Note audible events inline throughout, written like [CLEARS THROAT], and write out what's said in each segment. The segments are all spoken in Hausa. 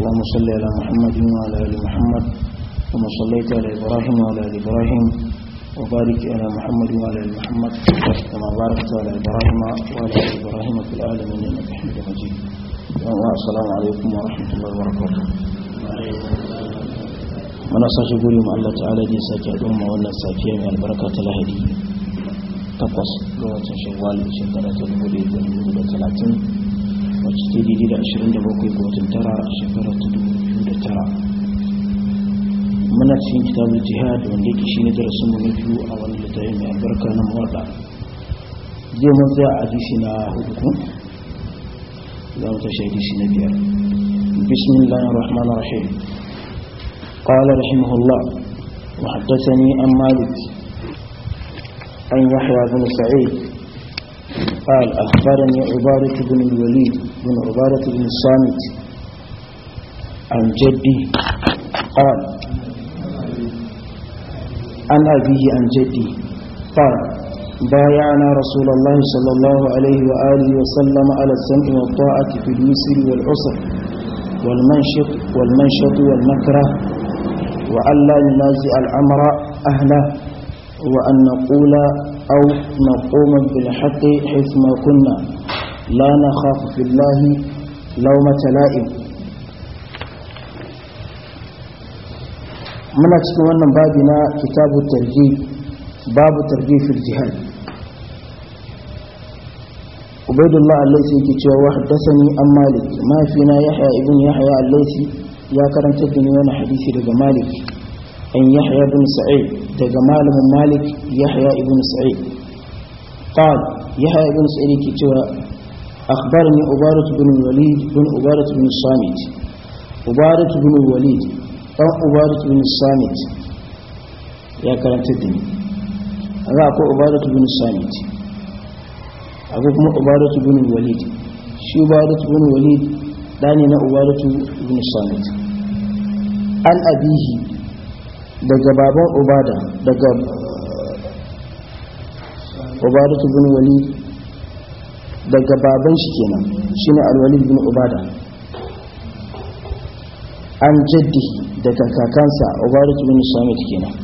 اللهم صل على محمد وعلى آل محمد كما صليت على إبراهيم وعلى آل إبراهيم وبارك على محمد وعلى آل محمد كما باركت على إبراهيم وعلى آل إبراهيم في العالمين إنك حميد مجيد السلام عليكم ورحمة الله وبركاته muna sake guri ma Allah ta'ala da sake haɗuwa ma wannan safiya mai albarka ta lahadi takwas ga watan shawwal shekara wacce ta daidai da 27 ga watan tara shekarar ta 2009 muna cikin kitabul jihad wanda yake shi ne darasin mu na biyu a wani littafi mai albarka na mawaɗa zai mun tsaya a hadisi na hudu kun za mu tashi hadisi na biyar bismillahir rahmanir rahim قال رحمه الله وحدثني عن مالك عن يحيى بن سعيد قال أخبرني عبارة بن الوليد بن عبادة بن الصامت عن جدي قال عن أبيه عن جدي قال بايعنا رسول الله صلى الله عليه وآله وسلم على السمع والطاعة في اليسر والعسر والمنشط والمنشط والمكره وألا ننازع الأمر أهله وأن نقول أو نقوم بالحق حيثما كنا لا نخاف في الله لومة لائم muna cikin wannan babi na kitabu tarji babu tarji fil jihad ubaidullah allaisi yake cewa wa an malik mafina yahya ibn yahya allaisi ya karanta da ni wani hadisi daga malik an yahya ibn sa'id daga malamin malik yahya ibn sa'id qal yahya ibn أخبرني أبارة بن الوليد بن أبارة بن الصامت أبارة بن الوليد أو أبارة بن الصامت يا كلام تدني أنا أقول أبارة بن الصامت أقول ما أبارة بن الوليد شو أبارة بن الوليد داني أنا أبارة بن الصامت عن أبيه daga أبادا ubada daga ubadatu bin walid daga baban shi kenan shine alwalid bin ubada an jaddi daga kakansa ubadat bin samit kenan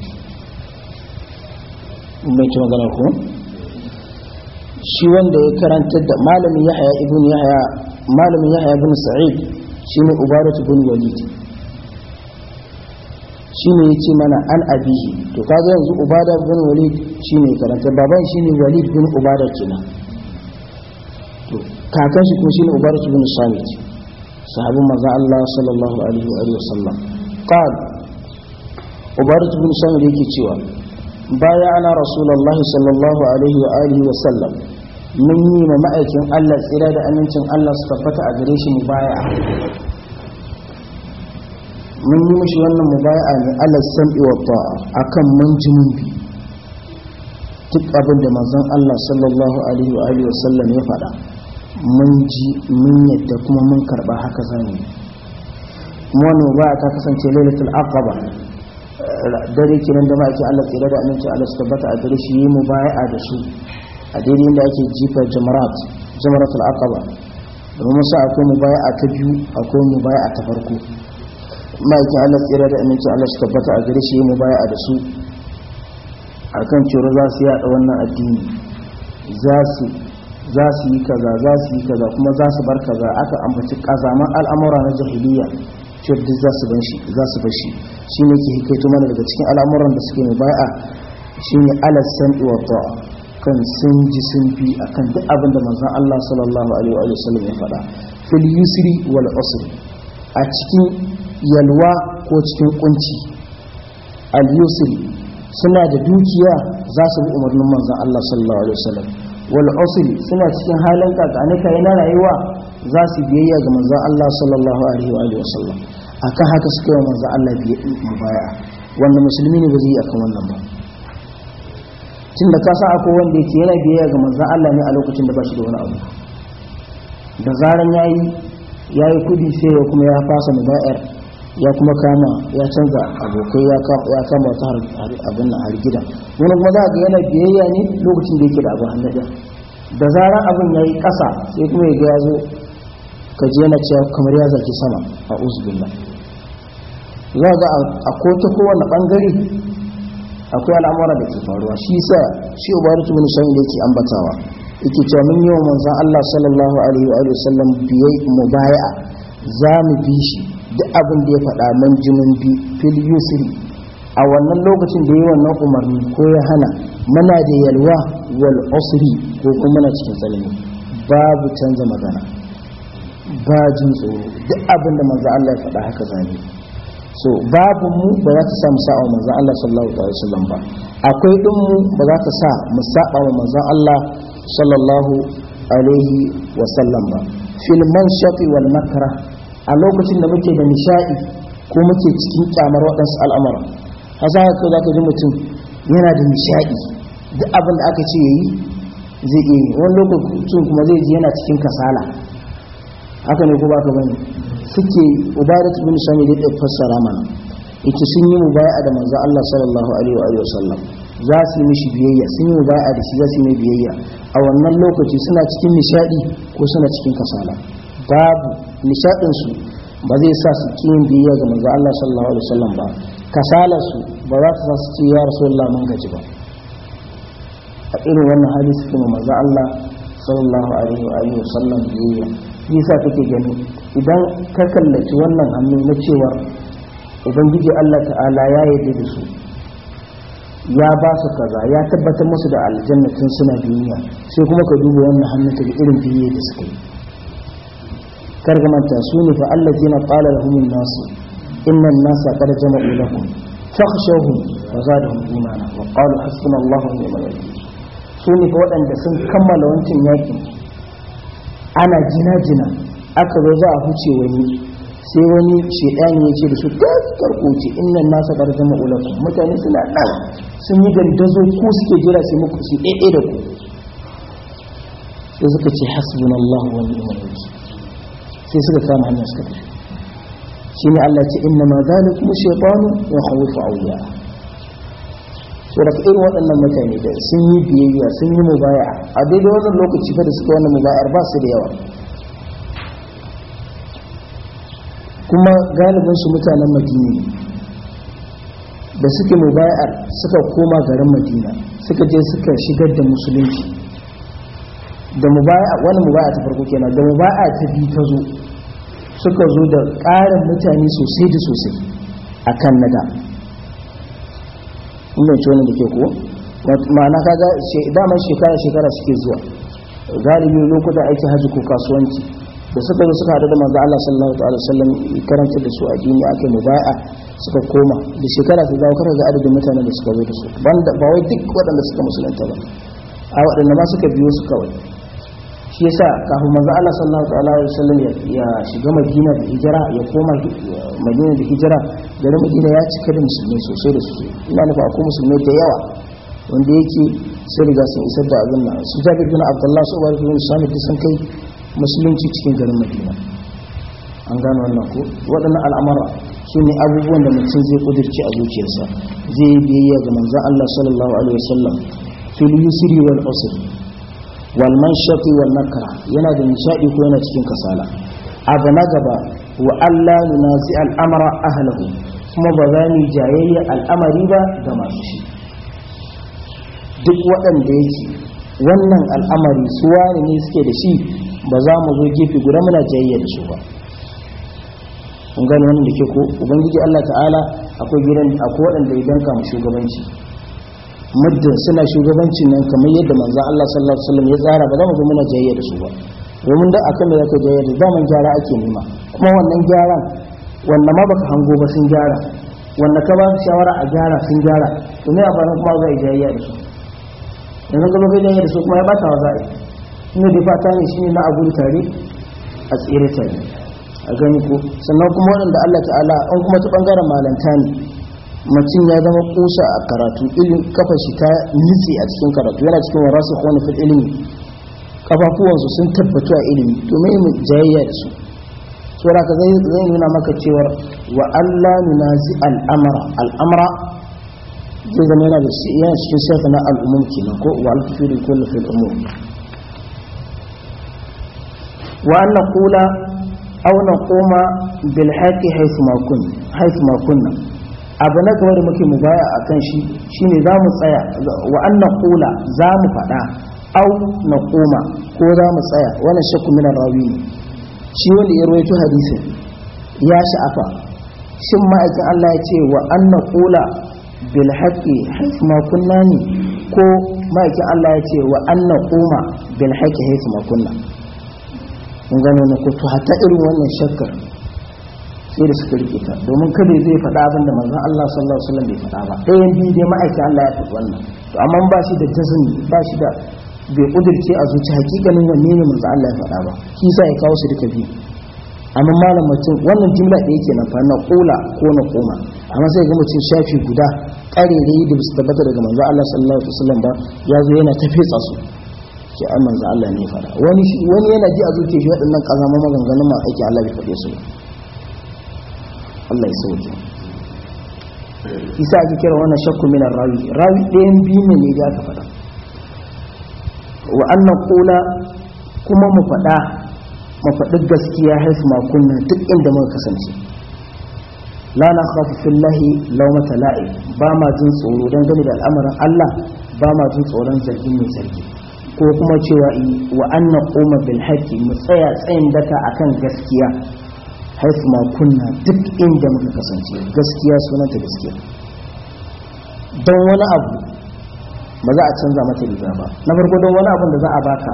mai ci magana ko shi wanda ya karanta da malamin yahya ibn yahya malamin yahya ibn sa'id shine ubadat bin walid shine yace mana an abihi to kaga yanzu ubada bin walid shine karanta baban shine walid bin ubada kenan kakan shi kuma shine ubar su bin samit sahabin manzon Allah sallallahu alaihi wa sallam qal ubar su samit yake cewa baya ana rasulullahi sallallahu alaihi wa alihi wa mun yi ma ma'aikin Allah tsira da amincin Allah su tabbata a gare shi mu baya mun yi mishi wannan mubaya'a ne ala sam'i wa ta'a akan mun ji mun bi duk abin da manzon Allah sallallahu alaihi wa alihi wasallam ya faɗa mun ji mun yadda kuma mun karba haka zan yi wannan ba ta kasance lailatul aqaba dare kiran da ma ma'aiki Allah tsira da aminci Allah su tabbata a dare shi yi mu baya da su a daidai da ake jifa jamarat jamaratul aqaba domin sa akwai mu baya ta biyu akwai mu baya ta farko ma ma'aiki Allah tsira da aminci Allah su tabbata a dare shi yi mu baya da su akan cewa za su yada wannan addini za su za su yi kaza za su yi kaza kuma za su bar kaza aka ambaci kazaman al'amura na jahiliya cewa duk za su ban shi za su bar shi ne ke hikaito mana daga cikin al'amuran da suke mai bai'a shi ne alas kan sun ji sun bi akan duk abin da manzon Allah sallallahu alaihi wa sallam ya faɗa fil yusri wal usri a cikin yalwa ko cikin kunci al yusri suna da dukiya za su bi umarnin manzon Allah sallallahu alaihi wa sallam wal suna cikin halin kakanika yana rayuwa za su biyayya ga manzon Allah sallallahu alaihi wa alihi wasallam haka suka yi manzon Allah biyayya wanda musulmi ne ba zai yi akan wannan ba tun da ka sa akwai wanda yake yana biyayya ga manzon Allah ne a lokacin da ba shi da wani abu da zaran yayi yayi kudi sai ya kuma ya fasa mubayar ya kuma kama ya canza abokai ya kama wata abin na har gida wani kuma za ga yana biyayya ne lokacin da yake da abin hannada da zarar abin ya yi ƙasa sai kuma ya ga ya zo ka je yana cewa kamar ya zarki sama a uzbinna za ga a kota kowane bangare akwai al'amura da ke faruwa shi sa shi tu bin shayin da yake ambatawa yake cewa mun yi wa manzan Allah sallallahu alaihi wa sallam biyai mu baya za mu bi shi duk abin da ya faɗa man jinin bi fil yusri a wannan lokacin da yi wannan umarni ko ya hana muna da yalwa wal usri ko kuma muna cikin tsanani babu canza magana ba jin tsoro duk abin da manzo Allah ya faɗa haka zane so babu mu ba za ta sa mu sa'a manzo Allah sallallahu alaihi wasallam ba akwai din mu ba za ta sa mu sa'a wa manzo Allah sallallahu alaihi wasallam ba fil manshati wal makrah a lokacin da muke da nishaɗi ko muke cikin kyamar waɗansu al'amura hasa haka za ka ji mutum yana da nishaɗi duk abin da aka ce ya yi zai iya yi wani lokacin kuma zai ji yana cikin kasala haka ne ko baka bane suke ubaratu bin sami da ya fassara mana yace sun yi mubaya'a da manzo Allah sallallahu alaihi wa alihi wasallam za su yi mishi biyayya sun yi mubaya'a da shi za su yi mai biyayya a wannan lokaci suna cikin nishadi ko suna cikin kasala babu nishadinsu ba zai sa su kiyin biyayya ga manzo Allah sallallahu alaihi wasallam ba kasalarsu ba za ta sa su ce ya rasulullah mun gaji ba a irin wannan hali suke ma manzo Allah sallallahu alaihi wasallam biyayya yasa kake gani idan ka kallaci wannan hannu na cewa ubangiji Allah ta'ala ya yi da su ya ba su kaza ya tabbatar musu da aljannatin suna duniya sai kuma ka duba wannan hannu ta irin biye da suka yi kargamanta su ne fa'allazina qala da an nasu inna an-nasa qad jama'u lakum fakhshawhum wa zadahum imana wa qalu hasbunallahu wa ni'mal wakeel su ne fa waɗanda sun kammala wancan yaki ana jina jina aka zo za a huce wani sai wani shedani ya ce da su ta karkoce inna an-nasa qad jama'u lakum mutane suna nan sun yi dandazo ko suke jira sai muku su ɗaiɗai da ku sai suka ce allahu wa ni'mal wakeel sai suka kama hanyar suka tafi shi ne Allah ce inna ma zane kuma shekwanu ya hawufu wuya so da irin waɗannan mutane da sun yi biyayya sun yi mubaya a daidai wannan lokaci fa da suka wannan mubayar ba su da yawa kuma galibin su mutanen madina da suke mubayar suka koma garin madina suka je suka shigar da musulunci da mubaya wani mubaya ta farko kenan da mubaya ta biyu ta zo suka zo da ƙarin mutane sosai da sosai a kan nada inda ce wani da ke ko ma'ana ga damar shekara-shekara suke zuwa galibi lokuta aiki hajji ko kasuwanci da suka zo suka hada da manzo Allah sallallahu alaihi wasallam karanta da su a addini akai mubaya suka koma da shekara ta dawo kar ga adadin mutanen da suka zo da su banda ba wai duk waɗanda suka musulunta ba a waɗanda ma suka biyo su kawai shi yasa kafin manzo Allah sallallahu alaihi wasallam ya shiga Madina da hijira ya koma Madina da hijira garin Madina ya cika da musulmi sosai da sosai ina nufa ko musulmai da yawa wanda yake sai riga sun isar da abin nan su Jabir bin Abdullah su Umar bin Sami da sun kai musulunci cikin garin Madina an gano wannan ko waɗannan al'amara su ne abubuwan da mutum zai kudirci a zuciyarsa zai yi biyayya ga manzon Allah sallallahu alaihi wasallam fil yusri wal usri walman manshati wal makra yana da nishaɗi ko yana cikin kasala abu na gaba wa Allah nunazi al'amara ahlahu kuma ba za ni jayayya al'amari ba ga masu shi duk waɗanda yake wannan al'amari su wani ne suke da shi ba za mu zo gefe guda muna jayayya da shi ba kun wannan da ke ko ubangiji Allah ta'ala akwai gidan akwai waɗanda ya danka shugabanci muddin suna shugabancin nan kamar yadda manzo Allah sallallahu alaihi wasallam ya tsara ba za mu zo muna jayayya da su ba domin da akan da ka jayayya da mun gyara ake nema kuma wannan gyaran wannan ma baka hango ba sun gyara wannan ka ba shawara a gyara sun gyara to ne a faran kuma za a yi jayayya da su yanzu ka zo ka jayayya da su kuma ya bata wa za a yi da fata ne shine na abu tare a tsere tare a gani ko sannan kuma da Allah ta'ala an kuma ta bangaren malanta ne mutum ya zama kusa a karatu ilin kafa shi ta nitsi a cikin karatu yana cikin warasu wani fil ilimi kafafuwansu sun tabbatu a ilimi domin me jayayya da su saboda ka zai nuna maka cewar wa Allah nunazi al'amara al'amara zai zama yana da yana cikin shafi na al'umum kenan ko wa al-fi'lu kullu fil umur wa an naqula abu na gaba da muke mu baya a kan shi shine za mu tsaya wa annan kula za mu faɗa au na koma ko za mu tsaya wani shakku min rawi ne shi wanda ya rawaito hadisin ya sha'afa shin ma'aikin Allah ya ce wa annan kula bil haqqi haythu kunna ne? ko ma'aikin Allah ya ce wa annan koma bil haqqi haythu kunna mun gano na ko to irin wannan shakkar sai da suka rike ta domin kada zai faɗa abin da manzon Allah sallallahu alaihi wasallam bai faɗa ba ɗayan biyu dai ma'aikin Allah ya faɗi wannan to amma ba shi da jazmi ba shi da bai kudirce a zuci hakikanin wanne ne manzon Allah ya faɗa ba shi sa ya kawo su duka biyu amma malam mutum wannan jimla da ke nan fa na kula ko na koma amma sai ga mutum shafi guda ƙarerayi da su tabbata daga manzo Allah sallallahu alaihi wasallam ba ya zo yana ta fetsa su ke ai manzo Allah ne fara wani wani yana ji a zuciya shi waɗannan kazama maganganun ma ake Allah bai faɗe su ba Allah ya soke isa ake kira wannan shakku minar rawi rawi ɗayan biyu ne ne ya aka faɗa wa annan kula kuma mu faɗa mu faɗi gaskiya haifu makunna duk inda muka kasance la na khafu fillahi lawmata la'i ba ma jin tsoro gani da al'amarin Allah ba ma jin tsoron zargin mai sarki ko kuma cewa wa annan kuma bil mu tsaya tsayin daka akan gaskiya haifu ma kunna duk inda muka kasance gaskiya sunanta gaskiya don wani abu ba za a canza mata riga ba na farko don wani abun da za a baka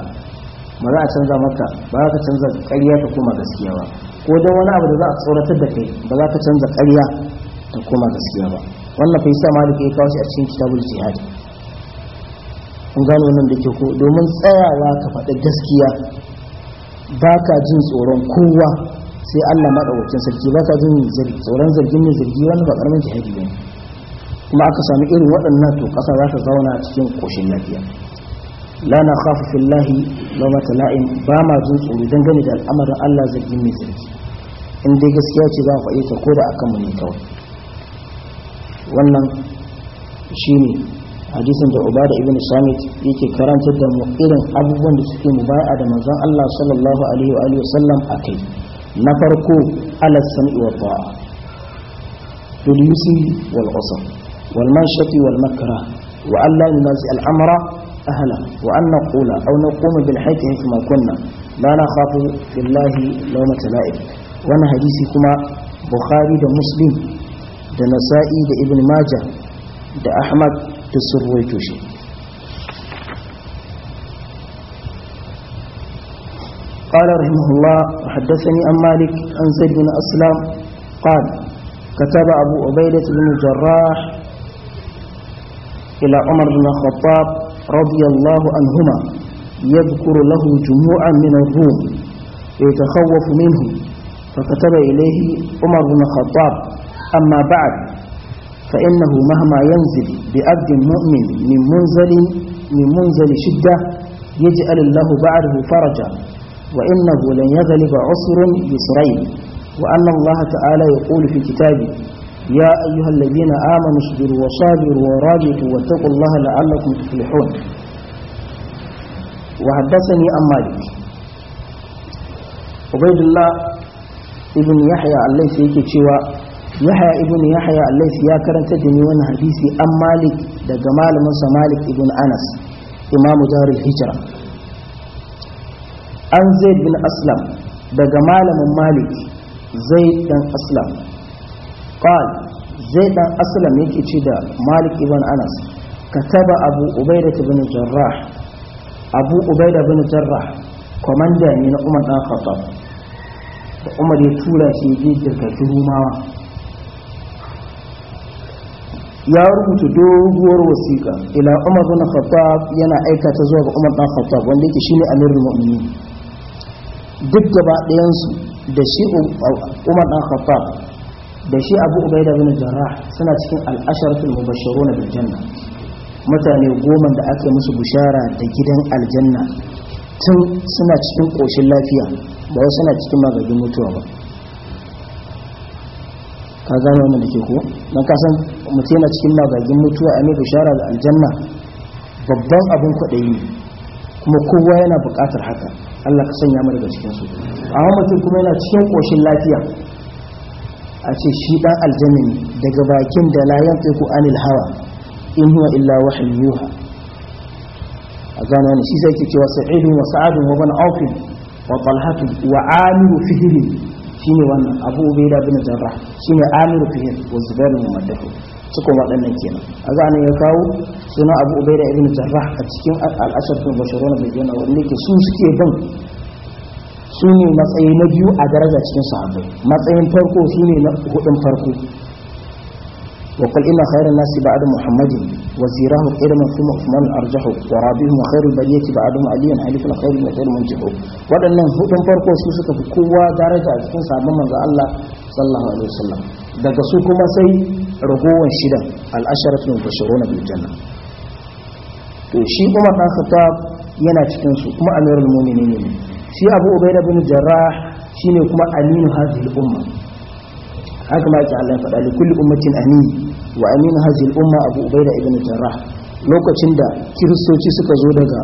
ba za a canza maka ba za ka canza ƙarya ta koma gaskiya ba ko don wani abu da za a tsoratar da kai ba za ka canza ƙarya ta koma gaskiya ba wannan fa yasa malik ya kawo shi a cikin kitabul jihad kun gano nan da ke ko domin tsayawa ka faɗi gaskiya ba ka jin tsoron kowa sai Allah madaukakin sarki ba ka jin zargi tsoron zargin mai zargi wani ba karamin jihadi ne kuma aka sami irin waɗannan to ƙasa za ta zauna cikin ƙoshin lafiya la na khafu fillahi wa ma tala'in ba ma jin tsoro dangane da al'amarin Allah zargin mai zargi in dai gaskiya ce za faɗi ta koda akan mu ne kawai wannan shine hadisin da ubada ibn samit yake karantar da mu irin abubuwan da suke mu baya da manzon Allah sallallahu alaihi wa alihi wasallam akai na farko ala sam'i wa walusa fil walmakara wal makra wa an la yunazi al amra ahla wa an naqula aw naquma bil haqqi kama wannan hadisi kuma bukhari da muslim da nasa'i da ibn majah da ahmad da surwaito shi قال رحمه الله وحدثني عن مالك عن زيد بن أسلم قال كتب أبو عبيدة بن الجراح إلى عمر بن الخطاب رضي الله عنهما يذكر له جموعا من الروم ويتخوف منهم فكتب إليه عمر بن الخطاب أما بعد فإنه مهما ينزل بأبد مؤمن من منزل من منزل شدة يجعل الله بعده فرجا وإنه لن يغلب عسر يسرين وأن الله تعالى يقول في كتابه يا أيها الذين آمنوا اصبروا وصابروا ورابطوا واتقوا الله لعلكم تفلحون وحدثني عن مالك عبيد الله ابن يحيى الليث yake cewa yahya ibn yahya allais ya karanta da ni wannan hadisi an malik daga malamin sa malik ibn anas imamu darul hijra an zai bin aslam daga malamin malik zaid dan aslam qal zaid dan aslam yake ce da malik ibn anas kataba abu ubaida bin jarrah abu ubaida bin jarrah komanda ne na umar dan khattab da umar ya tura shi ya je kirkaki rumawa ya rubuta doguwar wasiƙa ila umar bin khattab yana aika ta zuwa ga umar dan khattab wanda yake shine amirul mu'minin duk gaba ɗayansu da shi umar ɗan khattab da shi abu ubaida bin jarrah suna cikin al'asharatul mubashshirun bil janna mutane goma da ake musu bushara da gidan aljanna tun suna cikin koshin lafiya ba wai suna cikin magagin mutuwa ba ka gane wannan da ke ko don kasan mutum yana cikin magagin mutuwa a ne bushara da aljanna babban abin kwaɗayi ne kuma kowa yana buƙatar haka Allah ka sanya mara daga cikin su amma mutum kuma yana cikin ƙoshin lafiya a ce shi ɗan aljanna ne daga bakin da la yanfiqu anil hawa in huwa illa wahyu yuha a gano ne shi zai ke cewa sa'idu wa sa'adu wa bana aufin wa talhatu wa amiru fihiri shine wannan abu ubaida bin jarrah shine amiru fihirin wa zubairu bin maddahu cikon waɗannan kenan a gane ya kawo suna abu ubaida ibn jarrah a cikin al'ashar bin bashirona bai jana wanda ke su suke bin su ne matsayi na biyu a daraja cikin sahabbai matsayin farko su ne na hudun farko wa kul inna khairan nasi ba'da muhammadin wa zirahu qirman fi muhammad arjahu wa rabihum khairul bariyati ba'dahum aliyan alif al khair min khair munjihu wadannan hudun farko su suka fi kowa daraja a cikin sahabban manzo Allah sallallahu alaihi wasallam daga su kuma sai ragowar shidan al'asharatul bashiruna bil janna to shi kuma dan Khattab yana cikin su kuma amirul mu'minin ne shi Abu Ubaida bin Jarrah shine kuma aminu hadhihi umma haka ma yake Allah ya faɗa kulli ummatin amin wa aminu hadhihi umma Abu Ubaida ibn Jarrah lokacin da kiristoci suka zo daga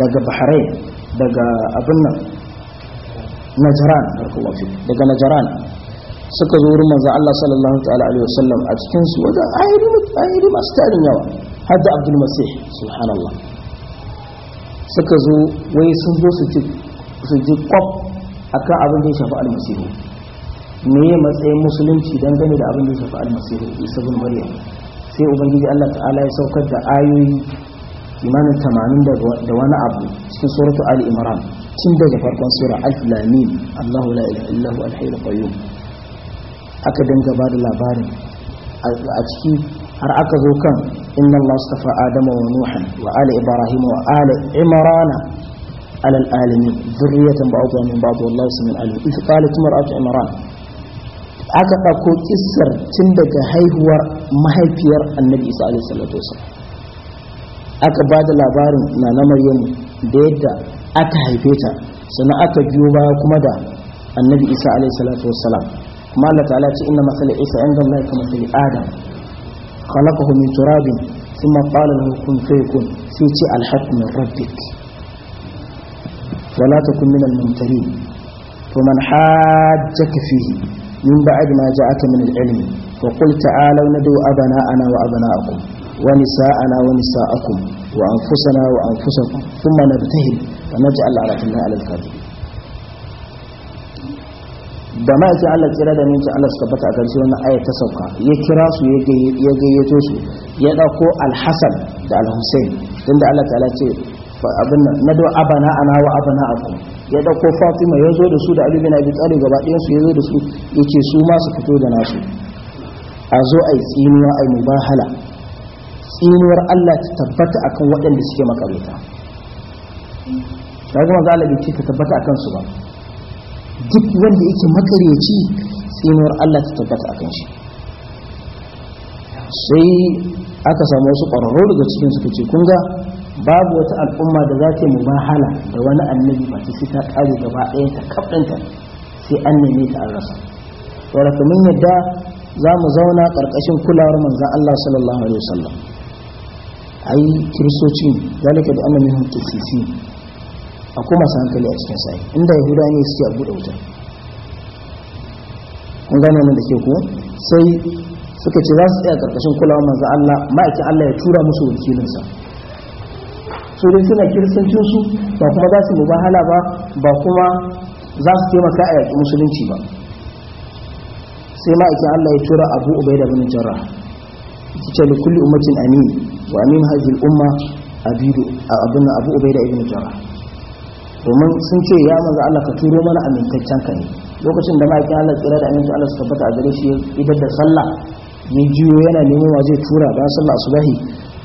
daga Bahrain daga abin nan Najran daga Najran suka zo wurin manzon Allah sallallahu alaihi wasallam a cikin su wajen ayiri ayiri masu tarin yawa har da Abdul Masih subhanallah suka zo wai sun zo su ji su ji kwaf akan abin da ya shafi almasihu me ya matsayin musulunci dangane da abin da ya shafi almasihu isa bin maryam sai ubangiji Allah ta'ala ya saukar da ayoyi kimanin tamanin da wani abu cikin suratu ali imran tun daga farkon sura al lam Allahu la ilaha illa huwa al-hayyul qayyum aka dinga ba da labarin a ciki har aka zo kan inna Allah stafa adama wa nuhan wa ala ibrahim wa ala imrana ala alalamin zurriyatan ba'dha min ba'd wallahu samil alim idh qalat mar'atu imran aka ɗauko kissar tun daga haihuwar mahaifiyar annabi isa alaihi salatu wasallam aka ba da labarin na na maryam da yadda aka haife ta sannan aka biyo baya kuma da annabi isa alaihi salatu wasallam kuma ina ta'ala ce inna masal isa inda Allah ka masal adam khalaqahu min turabin thumma qala lahu kun fayakun sai ce alhaq min rabbik wala takun min al-mumtarin faman hajjaka fihi min ba'd ma ja'aka min al-ilm فقل تعالوا ندعو أبناءنا وأبناءكم ونساءنا ونساءكم وأنفسنا وأنفسكم ثم نبتهل فنجعل على الله على الكاذبين da ma'aikin Allah tsira da minci Allah su tabbata a ƙarshe wannan ayat ta sauka ya kira su ya gayyato su ya ɗauko alhassan da alhussein tun da Allah ta'ala ce abin nan na do abana ana wa abana aku ya dauko fatima ya zo da su da ali bin abi talib gaba ɗayan su ya zo da su yace su ma su fito da nasu a zo ai tsinuwa ai mubahala tsinuwar Allah ta tabbata akan waɗanda suke makareta kaga manzo Allah bai ce ta tabbata akan su ba duk wanda yake makaryaci tsinuwar Allah ta tabbata a shi sai aka samu wasu ƙwararru daga cikin suka ce kun babu wata al'umma da za ta yi mubahala da wani annabi ba ta fi ta ƙari gaba ɗaya ta kaɗanta sai an neme ta an rasa wadda kamar yadda za mu zauna ƙarƙashin kulawar manzan Allah sallallahu alaihi wasallam ai kiristocin zalika da annabi hun sisi akwai masu hankali a cikin sa'i inda yahuda ne suke a buɗe wutar. kun gane nan da ke ku sai suka ce za su tsaya karkashin kulawa manzo Allah ma'aikin Allah ya tura musu wakilinsa su dai suna su ba kuma za su mubahala ba ba kuma za su taimaka a yaƙi musulunci ba sai ma'aikin Allah ya tura abu ubai da bani jarra ki ce li kulli ummatin amin wa amin hadhihi al umma abidu abun abu ubai da ibn jarra domin sun ce ya manzo Allah ka turo mana amintaccen ka ne lokacin da ma'aikin Allah tsira da amintaccen Allah su tabbata a gare shi idan da sallah ya jiyo yana neman wa zai tura bayan sallah asubahi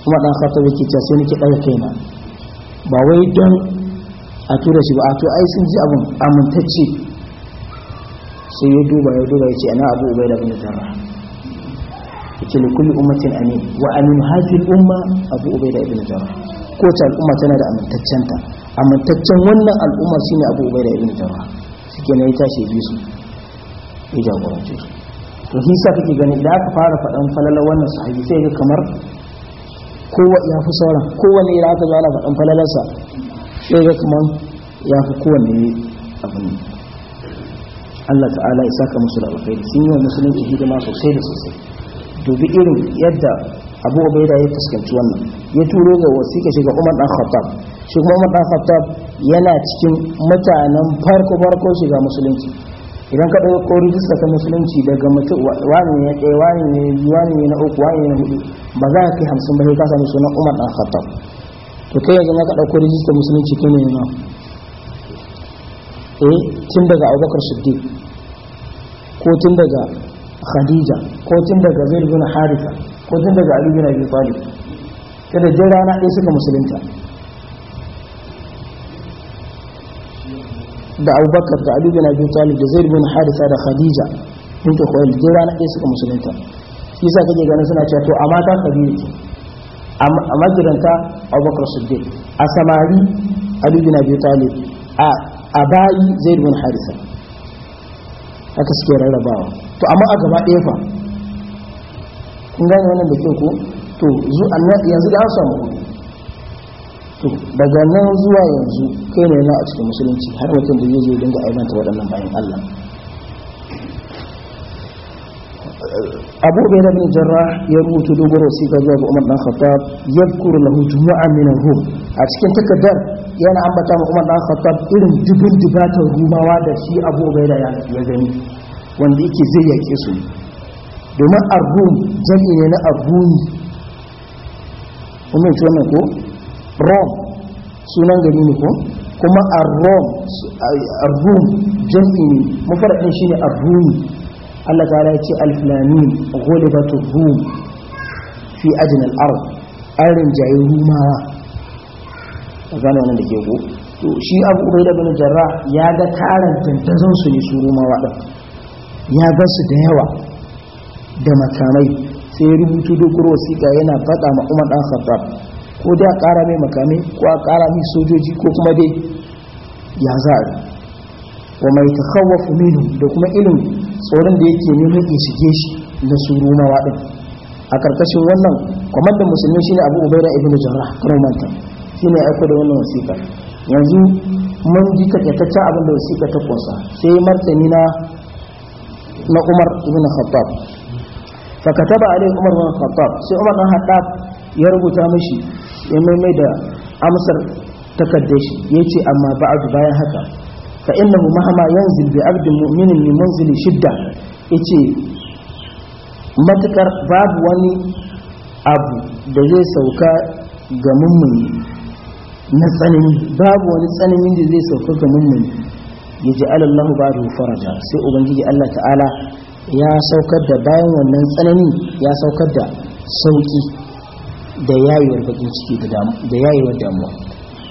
kuma dan khattab yake cewa sai nake daga kaina ba wai don a tura shi ba a to ai sun ji abin amintacce sai ya duba ya duba ya ce ana abu ubaida bin jarra yace ne kulli ummatin amin wa amin hafi al umma abu ubaida bin jarra ko ta al'umma tana da amintaccen ta mataccen wannan al'umma shine abu ubai da ibn jama'a ke na ya tashi biyu su ya jagorance su to shi sa kake gani da aka fara faɗan falala wannan sahabi sai ga kamar kowa ya fi sauran kowanne ya aka zo faɗan falalarsa sai ga kamar ya fi kowanne abin Allah ta'ala ya saka musu da alkhairi sun yi wa musulunci hidima sosai da sosai dubi irin yadda abu ubaida ya fuskanci wannan ya turo ga wasiƙa shiga umar dan khattab shi kuma umar dan khattab yana cikin mutanen farko farko shiga musulunci idan ka ɗauko rijista ta musulunci daga mutum wani ne ɗaya wani ne wani ne na uku wani ne hudu ba za ka kai hamsin ba sai ka samu sunan umar dan khattab to kai yanzu na ka ɗauko rijista musulunci kai ne na eh tun daga abubakar siddiq ko tun daga khadija ko tun daga zaid bin haritha ko tun daga Ali na biyu Talib kada jin rana ɗaya suka musulunta da Abubakar da Ali na biyu Talib da zai rubin Harisa da Khadija in ke kwayar jin rana ɗaya suka musulunta shi sa kake ganin suna cewa to amma ta Khadija a magidanta Abubakar Siddiq a samari Ali na biyu Talib a bayi zai rubin Harisa haka suke rarrabawa to amma a gaba ɗaya fa kun gane wannan da ke ku? to zu yanzu da samu to daga nan zuwa yanzu kai ne na a cikin musulunci har mutum da zai zo dinga aibanta waɗannan bayan Allah abu bai rabin jarra ya rubuta dogon ga zuwa ga umar dan khattab ya kuru lahu jumu'a min rum a cikin takardar yana ambata ma umar dan khattab irin dubin dubatar rumawa da shi abu bai da ya gani wanda yake zai yake su ne domin arbun zan ne na arbuni kuma ce wannan ko rom sunan gari ne ko kuma arrom arbun jami'i ne shi ne arbuni Allah ta ya ce alflamin ghalibatu rum fi ajin al'ar arin an rumawa a zane wani da ke go to shi abu da bin jarra. ya ga karanta tantazan su ne su rumawa din ya ga su da yawa da makamai sai rubutu dogon wasiƙa yana faɗa ma umar ɗan khattab ko da ƙara mai makamai ko a ƙara mai sojoji ko kuma dai ya za a wa mai ta kawafu minu da kuma ilin tsoron da yake neman ya shige shi na suru waɗin a ƙarƙashin wannan kwamandan musulmi shine abu ubaida ibn jarrah Shi shine aiko da wannan wasiƙa yanzu mun ji takaitaccen abin da wasiƙa ta ƙunsa sai martani na na umar ibn khattab fakataba alaihi umar bin khattab sai umar dan haddab ya rubuta mishi ya maimai da amsar takardar shi yace amma ba'd bayan haka fa innahu mahama yanzil bi abdin mu'minin min manzili shidda yace matukar babu wani abu da zai sauka ga mummuni na tsanani babu wani tsananin da zai sauka ga mummuni ya ji alallahu ba da faraja sai allah ta'ala ya saukar da bayan wannan tsanani ya saukar da sauki da yayewar bakin ciki da yayewar damuwa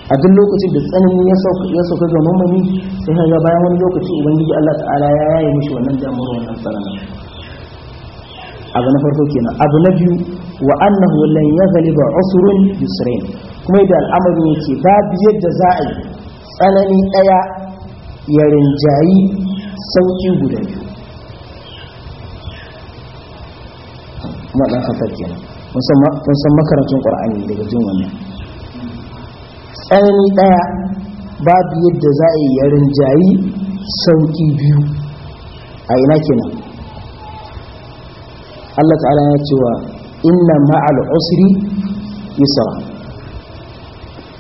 a duk lokacin da tsanani ya sauka ga mamani sai hanga bayan wani lokaci ubangiji Allah ta'ala ya yaye mishi wannan damuwar wannan tsanani abu na farko kenan abu na biyu wa annahu lan yaghliba usrun yusrain kuma da al'amari yake babu yadda za a yi tsanani daya ya rinjayi sauki guda biyu Usman dan Khattab kenan kun san makarantun Qur'ani daga jin wannan tsanani daya babu yadda za a yi yarin jayi sauki biyu a ina kenan Allah ta'ala ya ce wa inna ma'al usri yusra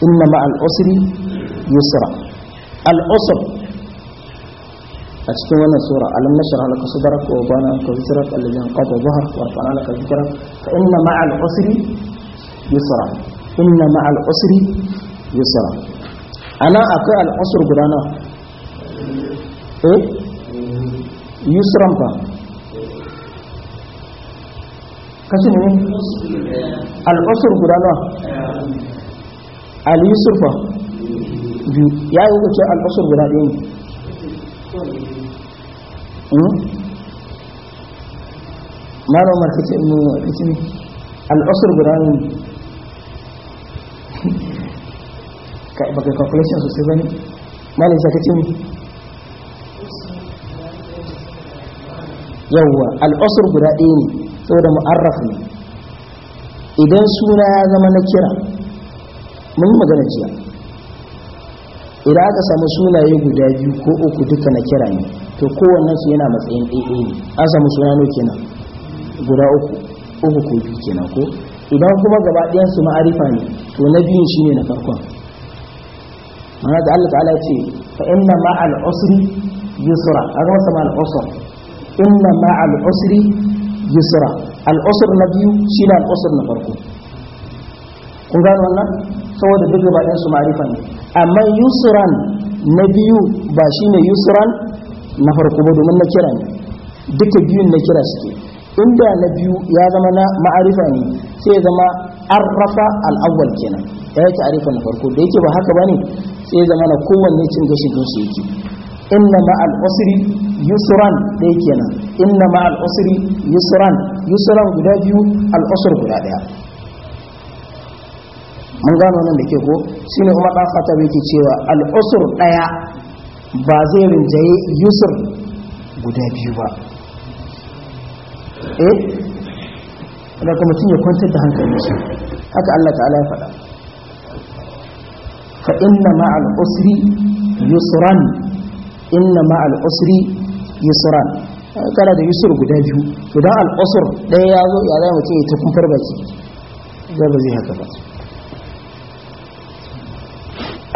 inna ma'al usri yusra al usr a cikin wannan sura alam nashrah laka sadrak wa wada'na anka wizrak alladhi anqadha dhahrak wa rafa'na laka dhikrak fa inna ma'al usri yusra inna ma'al usri yusra ana akwai al usr guda na eh yusran fa kace ne al usr guda na al yusr fa ya yi wuce al usr guda ɗaya ne Hmm? mara umar kace mu kace al'asr guda ne kai baka calculation sosai bane malin sa kace mu yawwa al'asr guda ɗaya ne saboda mu'arraf ne idan suna ya zama na kira mun magana jiya idan aka samu sunaye guda biyu ko uku duka na kira ne to kowannen su yana matsayin ɗaiɗai ne an samu suna ne kenan guda uku uku ko biyu kenan ko idan kuma gaba ɗayan su ma'arifa ne to na biyun shi ne na farkon mana da Allah ta'ala ce fa inna ma'al usri yusra aga wasa ma'al usr inna ma'al usri yusra al usr na biyu shi ne al usr na farko kun gano wannan saboda duk gaba ɗayan su ma'arifa ne amma yusran na biyu ba shi ne yusran na farko ba domin na kira ne duka biyun na kira suke inda na biyu ya zama na ma'arifa ne sai ya zama arrafa al'awwal kenan ya yake arifa na farko da yake ba haka ba ne sai ya zama na kowanne cin gashin kanshi yake inna ma'al usri yusran yake kenan inna ma usri yusran yusran guda biyu al'usur guda ɗaya mun gano nan da ke ko shine umar dan bai ke cewa al'usur ɗaya ba zai rinjaye yusuf guda biyu ba eh da kuma mutum ya kwantar da hankali shi haka Allah ta'ala ya faɗa fa inna ma'al usri yusran inna ma'al usri yusran kana da yusur guda biyu to dan al ɗaya ya zo ya zai mutum ya ta kufar baki da ba zai haka ba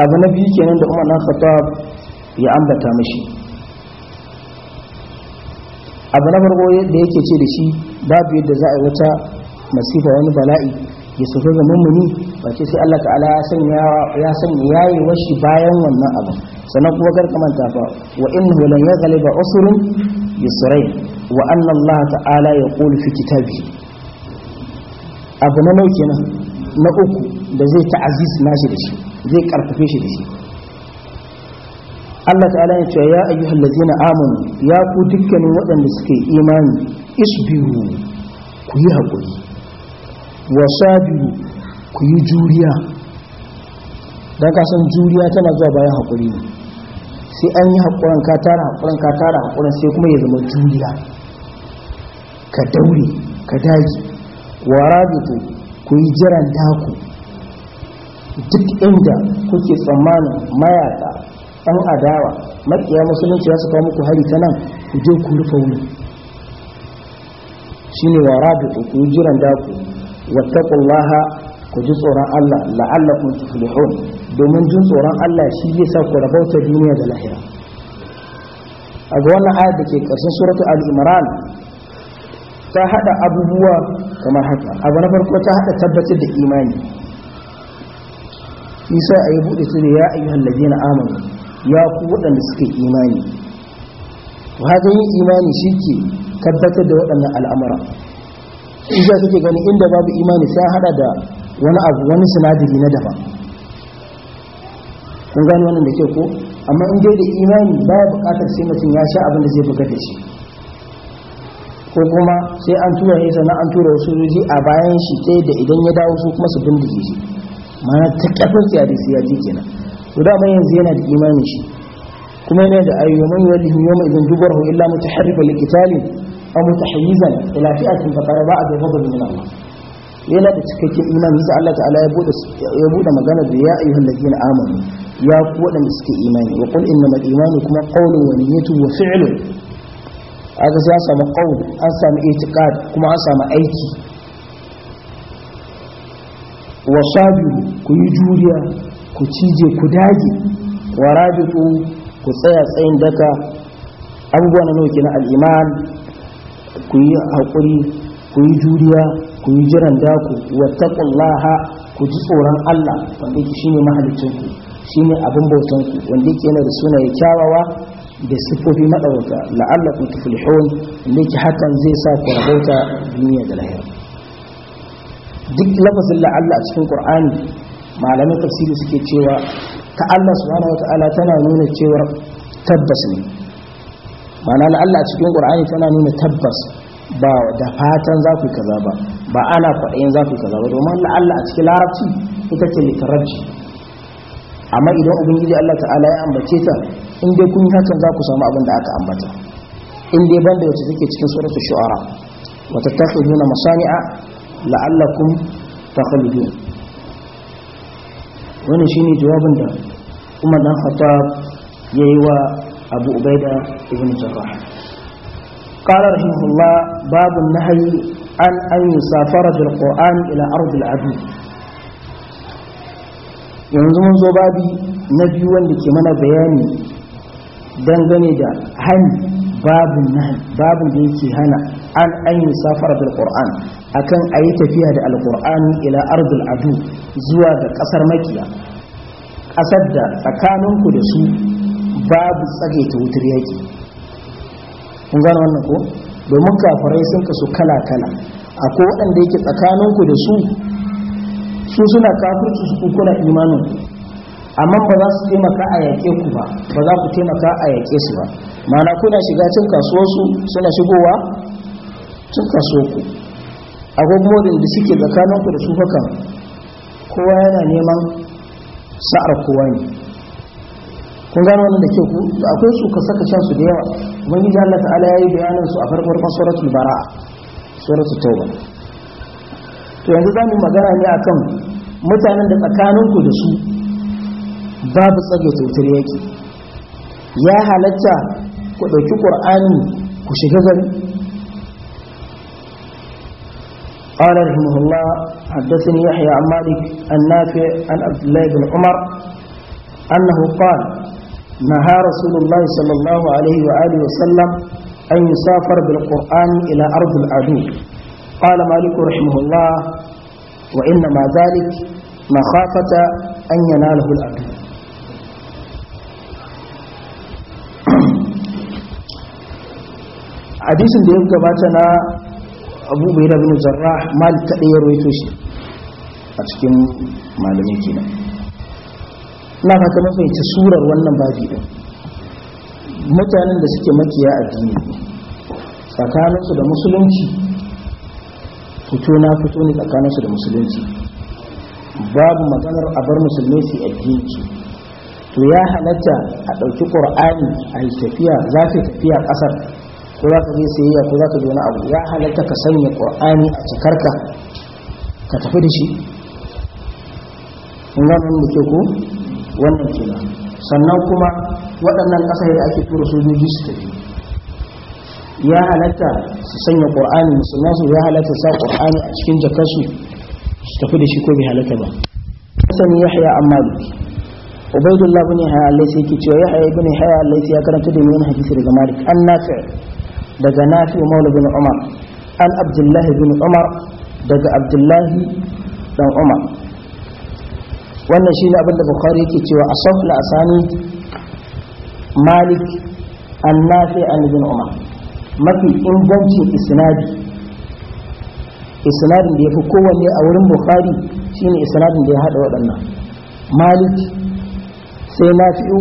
abu na biyu kenan da Umar na Khattab ya ambata mashi abu na farko da yake ce da shi babu yadda za a yi wata masifa wani bala'i ya soke ga mummuni ba ce sai Allah ta'ala ya sanya ya yi washi bayan wannan abu sannan kuma garka manta fa wa ya zale ba usurin yusrayn wa an Allah ta'ala ya yaqulu fi kitabi abu na nauke na na uku da zai ta'aziz nashi da shi zai karfafe shi da shi Allah ta'ala ya ce ya ayyuhal ladzina amanu ya ku dukkanin waɗanda suke imani isbiru ku yi haƙuri biyu ku yi juriya don kasan juriya tana zuwa bayan haƙuri ne sai an yi haƙuran ka tara haƙuran ka tara haƙuran sai kuma ya zama juriya ka daure ka daji warabitu ku yi jiran daku duk inda kuke tsammanin mayaka ɗan adawa makiya musulunci ya su kawo muku hari ta nan ku je ku rufe wuri shi ne wa rabu ku yi jiran daku wattaqullaha ku ji tsoron Allah la'allakum tuflihun domin jin tsoron Allah shi zai sa ku rabauta duniya da lahira a ga wannan ayar da ke ƙarshen suratu al-imran ta hada abubuwa kamar haka abu na farko ta hada tabbatar da imani isa ayi bude su da ya ayyuhal ladina amanu ya ku waɗanda suka imani to haka yin imani shi ke tabbatar da waɗannan al'amura isa kake gani inda babu imani sai hada da wani abu wani sinadari na daban kun gani wannan da ke ko amma in dai da imani ba ya bukatar sai mutum ya sha abin da zai buga da shi ko kuma sai an tura shi sannan an tura wasu ruji a bayan shi sai da idan ya dawo su kuma su bindige shi mana ta kafin tsiyari ya je kenan to da yanzu yana da imani shi kuma yana da ayyuman yuwallihi yawma idan dubarahu illa mutaharrifan liqitalin aw mutahayyizan ila fi'atin faqad ba'a bi ghadabin min Allah yana da cikakken imani sai Allah ta'ala ya bude ya bude magana da ya ayyuhal ladina amanu ya ku wadanda suke imani wa qul innamal imanu kuma qawlun wa niyyatun wa fi'lun aka sai an samu qawl an samu i'tiqad kuma an samu aiki wa sabiru ku yi juriya ku cije ku dage wa rabitu ku tsaya tsayin daka abubuwa na nauki na al'iman ku yi haƙuri ku yi juriya ku yi jiran daku wattaqullaha ku ji tsoron Allah wanda yake shine mahalicinku shine abin bautanku wanda yake yana da sunaye kyawawa da siffofi madawaka la'allakum tuflihun wanda yake hakan zai sa ku rabauta duniya da lahira duk lafazin la'alla a cikin qur'ani malamin tafsiri suke cewa ta Allah subhanahu ta'ala tana nuna cewar tabbas ne mana na Allah a cikin Qur'ani tana nuna tabbas ba da fatan za ku kaza ba ba ana kwaɗayin za ku kaza ba domin Allah a cikin larabci ita ce litarabci amma idan ubangiji Allah ta'ala ya ambace ta in dai kun yi hakan za ku samu abin da aka ambata in dai banda wacce take cikin suratul shu'ara wa tattakhiduna masani'a la'allakum takhludun wannan shine jawabin da kuma dan Khattab yayi wa Abu Ubaida ibn Jarrah قال رحمه الله باب النهي عن أن يسافر بالقرآن إلى أرض العدو yanzu mun zo babi na biyu wanda ke mana bayani dangane da hani babin nahi babin da yake hana an an yi safar bil akan ayi tafiya da Alƙur'an ila ardul adu zuwa ga ƙasar makiya ƙasar da tsakaninku da su babu tsage ta wutar yaƙi kun gano wannan ko domin kafirai sun kasu kala-kala akwai waɗanda yake tsakaninku da su su suna kafirci su kuna imanin amma ba za su taimaka a yaƙe ku ba ba za ku taimaka a yaƙe su ba mana kuna shiga cin kasuwarsu suna shigowa cin kasuwarku akwai kuma da suke tsakaninku da su hakan kowa yana neman sa'ar kowa ne kun gano wannan da ke ku to akwai su ka saka shan su da yawa ubangiji Allah ta'ala yayi bayanan su a farkon suratul bara'a suratul tauba to yanzu za mu magana ne akan mutanen da tsakaninku da su babu tsage tutur yake ya halatta ku ɗauki ƙur'ani ku shiga gari قال رحمه الله حدثني يحيى عن مالك النافع عن عبد الله بن عمر أنه قال نهى رسول الله صلى الله عليه وآله وسلم أن يسافر بالقرآن إلى أرض العدو قال مالك رحمه الله وإنما ذلك مخافة أن يناله العدو [CLEARS THROAT] حديث da ya abu bai da jarra malik ta ɗaya rawaito shi a cikin malamin kenan na fata surar wannan babi ɗin mutanen da suke makiya addini tsakaninsu da musulunci fito na fito ne tsakaninsu da musulunci babu maganar a bar musulmi su addini to ya halatta a ɗauki ƙur'ani a yi tafiya za ta tafiya ƙasar ko za ka je sayayya ko za ka je wani abu ya halatta ka sanya qur'ani a cikarka ka tafi da shi in gano da ke ko wannan kenan sannan kuma waɗannan ƙasashe da ake tura sojoji su tafi ya halatta su sanya ƙwa'ani musulman su ya halatta sa ƙwa'ani a cikin jakarsu su tafi da shi ko bai halatta ba sani ya haya amma duki ubaidullah bin haya allaisi yake cewa ya haya bin haya ya karanta da yin hadisi daga malik an nafi daga nafi maula bin umar an abdullahi bin umar daga abdullahi dan umar wannan shine abin da bukhari yake cewa a sahul asani malik an nafi an bin umar mafi ingancin isnadi isnadin da ya fi kowanne a wurin bukhari shine isnadin da ya haɗa waɗannan malik sai nafi'u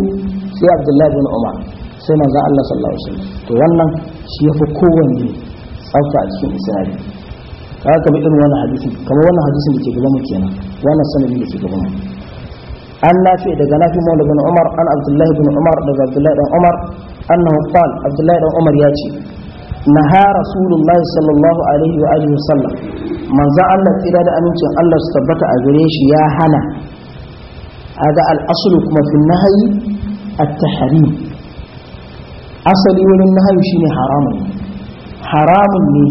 sai abdullahi bin umar sai manzo Allah sallallahu alaihi wasallam to wannan shi ya fi kowanne tsafta a cikin isra'i kaga kamar irin wannan hadisi kamar wannan hadisin da ke gaban mu kenan wannan sanadin da ke gaban mu an nafi daga nafi maula bin umar an abdullahi bin umar daga abdullahi dan umar annahu qala abdullahi dan umar ya ce naha rasulullahi sallallahu alaihi wa alihi wasallam manzo Allah tsira da amincin Allah su tabbata a gare shi ya hana aga al-aslu kuma fi nahyi at-tahrim asali wurin nahayu shine haramun haramun ne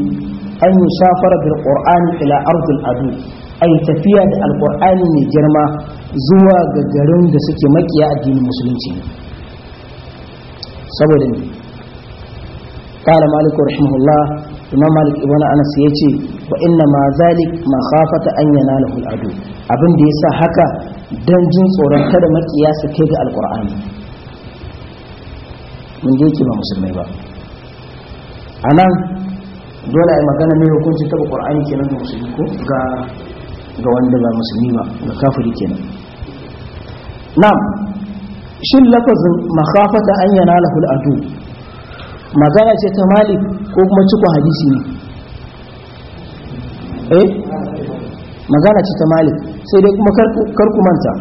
an yi safara da qur'ani ila ardil adu ai tafiya da alqur'ani mai girma zuwa ga garin da suke makiya addinin musulunci saboda ne قال مالك رحمه الله إمام مالك ابن أنس يجي وإنما ذلك مخافة أن يناله العدو abin da ya sa haka don jin tsoron kada makiya su kai ga alkur'ani je yake ba musulmai ba a nan dole a yi magana mai hukunci taba ƙwar'ani kenan ga musulmi ko ga wanda ba musulmi ba ga kafiri kenan Na shin lafazin makafata an yana lafi al'adu magana ce ta mali ko kuma cikwa hadisi ne eh magana ce ta mali sai dai kuma karku manta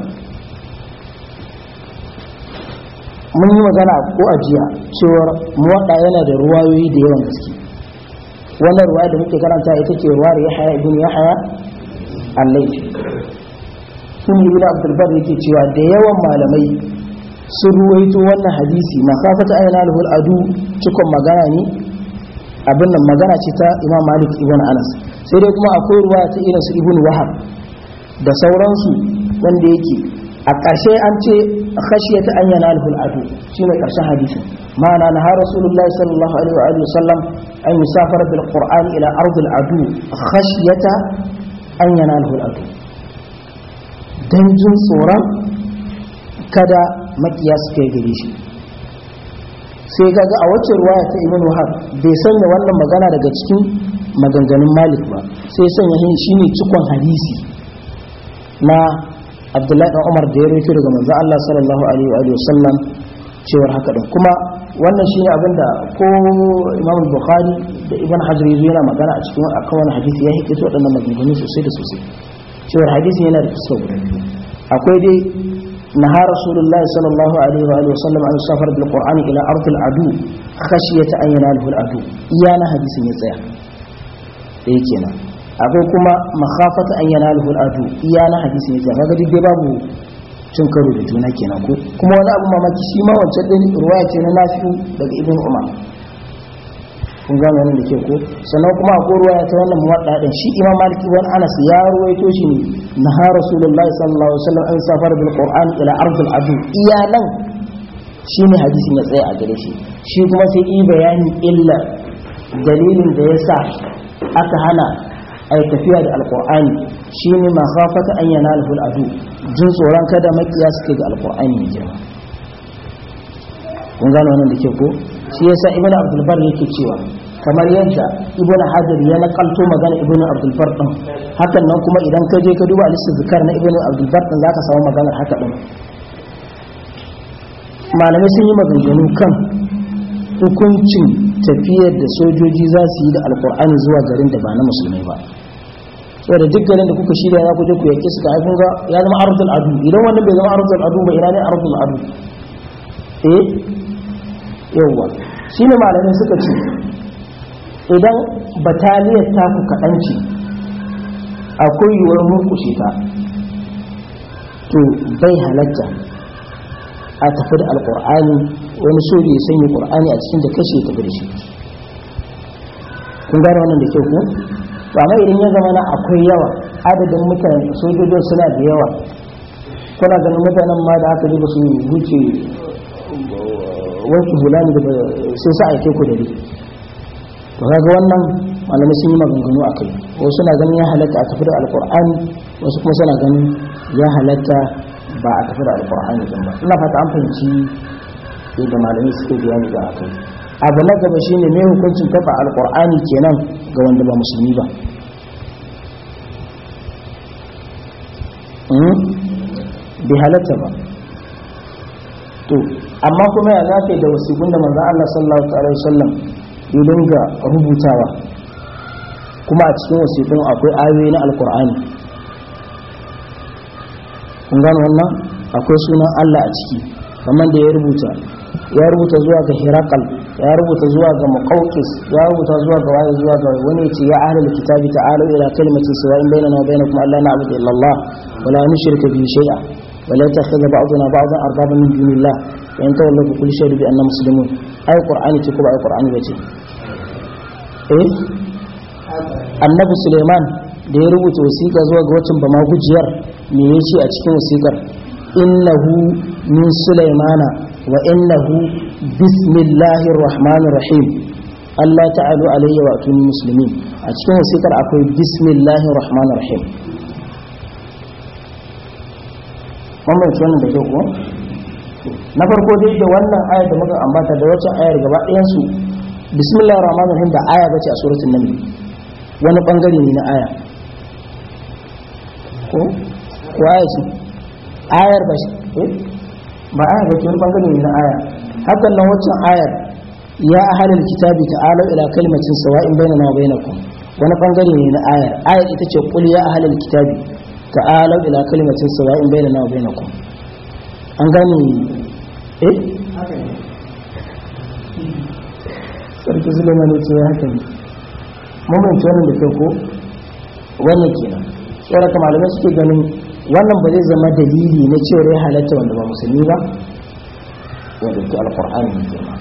mun yi magana ko ajiya cewa muwadda yana da ruwayoyi da yawan gaske wannan ruwa da muke karanta ita ce ruwa da ya haya ibn ya haya allai sun yi Abdul abdulbar yake cewa da yawan malamai sun ruwaito wannan hadisi fata ayyana lahul adu cikon magana ne abin nan magana ce ta imam malik ibn anas sai dai kuma akwai ruwa ta irin su ibn wahab da sauransu wanda yake a ƙarshe an ce khashiyat an yana alhul adu shine ƙarshen hadisi, ma'ana na har rasulullahi sallallahu alaihi wa sallam an musafara bil qur'an ila ardil adu khashiyat an yana alhul adu dan jin tsoron kada makiya suke gare shi sai kaga a wacce ruwaya ta ibn wahab bai sanya wannan magana daga cikin maganganun malik ba sai sanya shi ne cikon hadisi na abdullahi dan umar da ya rawaito daga manzo Allah sallallahu alaihi wa sallam cewar haka din kuma wannan shine abin da ko imam bukhari da ibn hajar yazo yana magana a cikin akan wannan hadisi ya hikito wadannan maganganu sosai da sosai cewar hadisi yana da fuska guda biyu akwai dai نهى alaihi wa sallam الله عليه bil وسلم ila السفر بالقرآن إلى أرض العدو خشية أن يناله العدو إيانا حديث يزيح إيه كنا akwai kuma makhafata an yana alhul adu iya na hadisi ne kaga duk dai babu cin karo da juna kenan ko kuma wani abu mamaki shi ma wancan din ruwaya ce na nafi'u daga ibn umar kun gano nan da ke ko sannan kuma akwai ruwaya ta wannan muwadda din shi imam malik ibn anas ya ruwaito shi ne na ha rasulullahi sallallahu alaihi wasallam an safar bil qur'an ila ardil adu iya nan shine hadisi na tsaye a gare shi shi kuma sai yi bayani illa dalilin da ya sa aka hana ai tafiya da alqur'ani shine makhafata an yanalu al adu jin tsoron kada makiya suke ga alqur'ani ne jira kun gano wannan da ke ko shi yasa ibnu abdul bar yake cewa kamar yadda ibnu hajar ya nakalto magana ibnu abdul bar din hakan nan kuma idan ka je ka duba lissu zikar na ibnu abdul bar din zaka samu maganar haka din malamai sun yi maganganu kan hukuncin tafiyar da sojoji za su yi da alkur'ani zuwa garin da ba na musulmai ba saboda duk garin da kuka shirya za ku je ku yaƙi su ga ya zama arzul adu idan wannan bai zama arzul adu ba ina ne arzul adu eh yawwa shi ne malamin suka ce idan bataliyar ta ku kaɗanci, akwai yiwuwar murkushe ta to bai halatta a tafi da alkur'ani wani so ya sanya qur'ani a cikin da kashe ta da shi kun gane wannan da kyau ku? Ba amma idan ya zama na akwai yawa adadin mutane sojojin suna da yawa kuna ganin mutanen ma da aka ji ba su wuce wanki hula ne da sai sa aike ku da ba to ga wannan malamai sun yi maganganu a kai wasu suna ganin ya halatta a tafi da alkur'ani wasu kuma suna ganin ya halatta ba a tafi da alkur'ani ba ina fata an fahimci da malamai suke bayani da haka abu na gaba shine mai hukuncin kafa alkur'ani kenan ga wanda ba musulmi ba hmm? bi halatta ba to amma kuma ya zafe da wasiƙun da manzon Allah sallallahu alaihi wasallam ya dinga rubutawa kuma a cikin wasiƙun akwai ayoyi na alkur'ani kun gano wannan akwai sunan Allah a ciki kamar da ya rubuta ya rubuta zuwa ga hirakal ya rubuta zuwa ga muqawqis ya rubuta zuwa ga waye zuwa ga wani ce ya ahlul kitabi ta'alu ila kalimatin sawa'in bainana wa bainakum alla na'budu illa Allah wa la nushrika bihi shay'a wa la yattakhidha ba'duna ba'dan arbaba min dunillah wa in tawallaw fa qul shahadu bi anna muslimun ay qur'ani ce ko ba ay qur'ani ce. eh annabi suleiman da ya rubuta wasiƙa zuwa ga wacin bama gujiyar me yace a cikin wasiƙar innahu min sulaimana وإنه بسم الله الرحمن الرحيم الله تعالى علي وأتوني مسلمين أتشكي وسيكر أقول بسم الله الرحمن الرحيم kuma yanzu na farko dai da wannan ayar da muka ambata da wacce ayar gaba ɗayan su da aya bace a suratul naml wani bangare ne na aya ba aya ba ke wani bangare ne na aya hakan nan wancan ayar ya halin kitabi ta'alu ila kalimatin sawa'in bainana wa bainakum wani bangare ne na ayar ayar ita ce qul ya halin kitabi ta'alu ila kalimatin sawa'in bainana wa bainakum an gane eh sarki suleiman ce ya haka ne mun wannan da kai ko wannan kenan tsoraka malamai suke ganin wannan ba zai zama dalili na cewar ya halatta wanda ba musulmi ba wanda ke alkur'ani ne girma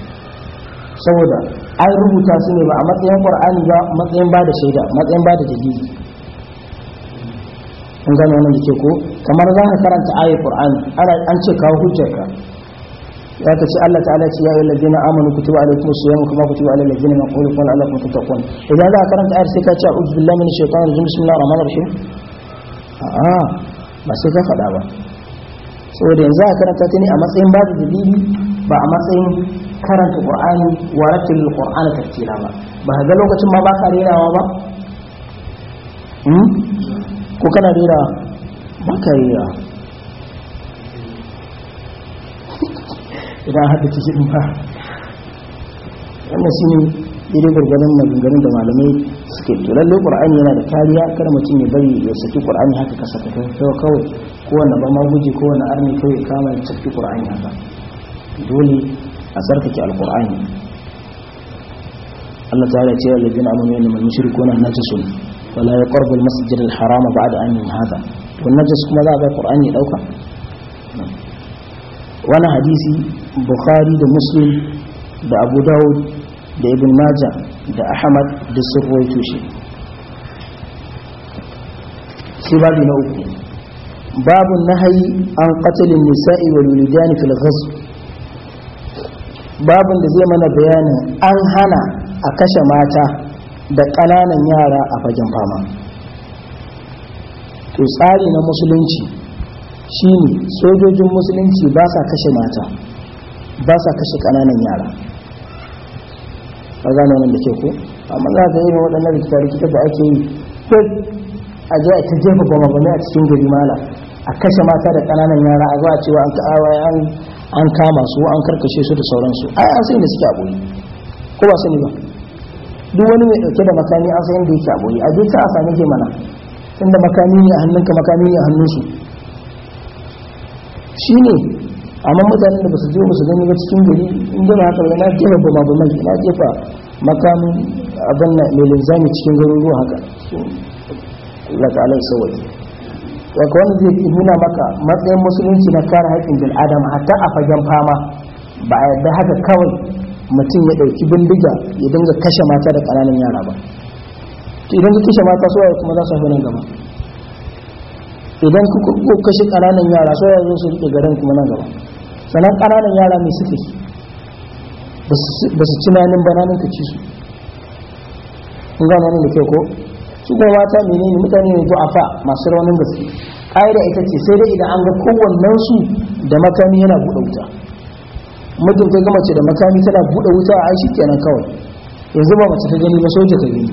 saboda an rubuta su ne ba a matsayin qur'ani ba matsayin ba da shaida matsayin ba da dalili An gano wannan da ke ko kamar za ka karanta ayi qur'ani an ce kawo hujjarka ya ta ce Allah ta'ala ce ya yi ayyuhal ladina amanu kutiba alaykumus siyam kama kutiba alal ladina min qablikum la'allakum tattaqun idan za ka karanta ayar sai ka ce a'udhu billahi minash shaitanir rajim bismillahir rahmanir rahim a'a ba sai ka faɗa ba saboda yanzu a karanta ta ne a matsayin babu dalili ba a matsayin karanta qur'ani wa rattil qur'ana tartila ba ba ga lokacin ma ba ka rerawa ba hmm? ko kana rera ba ka rerawa [LAUGHS] idan hada cikin ba wannan shine daidai gwargwadon maganganun da malamai suke to lalle qur'ani yana da kariya kada mutum ya bari ya saki qur'ani haka kasa ta kawai kowane ba ma guji kowane arni kawai kama ya saki qur'ani haka dole a tsarkake alqur'ani Allah ta'ala ce alladhin amanu min ko mushrikuuna najasun wala yaqrabu al-masjid al-haram ba'da an min hada to najas kuma za a ga qur'ani dauka wani hadisi bukhari da muslim da abu dawud da ibn maja da ahmad da sirwai tushe shi babu na uku babu na nahayi an qatlin nisa'i wa lulidani fil ghazw babun da zai mana bayanin an hana a kashe mata da ƙananan yara a fagen fama to tsari na musulunci shine sojojin musulunci ba sa kashe mata ba sa kashe ƙananan yara a gane wannan da ke ku. amma za ta yi waɗannan rikita rikita da ake yi ko a je a ta jefa goma a cikin gari mala a kashe mata da ƙananan yara a zuwa cewa an ya an kama su an karkashe su da sauransu A'a an san da suke a boye ko ba sani ba duk wani mai ɗauke da makami an san da yake a boye a je a sami ke mana da makami ne a hannunka makami ne a hannunsu shine amma mutanen da ba su je ba su gani ba cikin gari in gina haka na jefa ma bama na jefa makamin abin na mai linzami cikin garuruwa haka lakalai ya ka wanda zai fi nuna maka matsayin musulunci na kare haƙƙin bil'adama hatta a fagen fama ba a yarda haka kawai mutum ya ɗauki bindiga ya dinga kashe mata da ƙananan yara ba idan ka kashe mata suwaye kuma za su haifi nan gaba idan kuka kashe ƙananan yara so ya zo su rike garin kuma nan gaba sanan ƙananan yara mai suke ba su ci nanin bananin ka ci su kun gano nan da kyau ko su kuma mata menene mutane ne ko fa masu raunin gaske ƙa'ida ita ce sai dai idan an ga kowannen su da makami yana buɗe wuta mutum ta gama ce da makami tana buɗe wuta a shi kenan kawai yanzu ba mace ta gani ba soja ta gani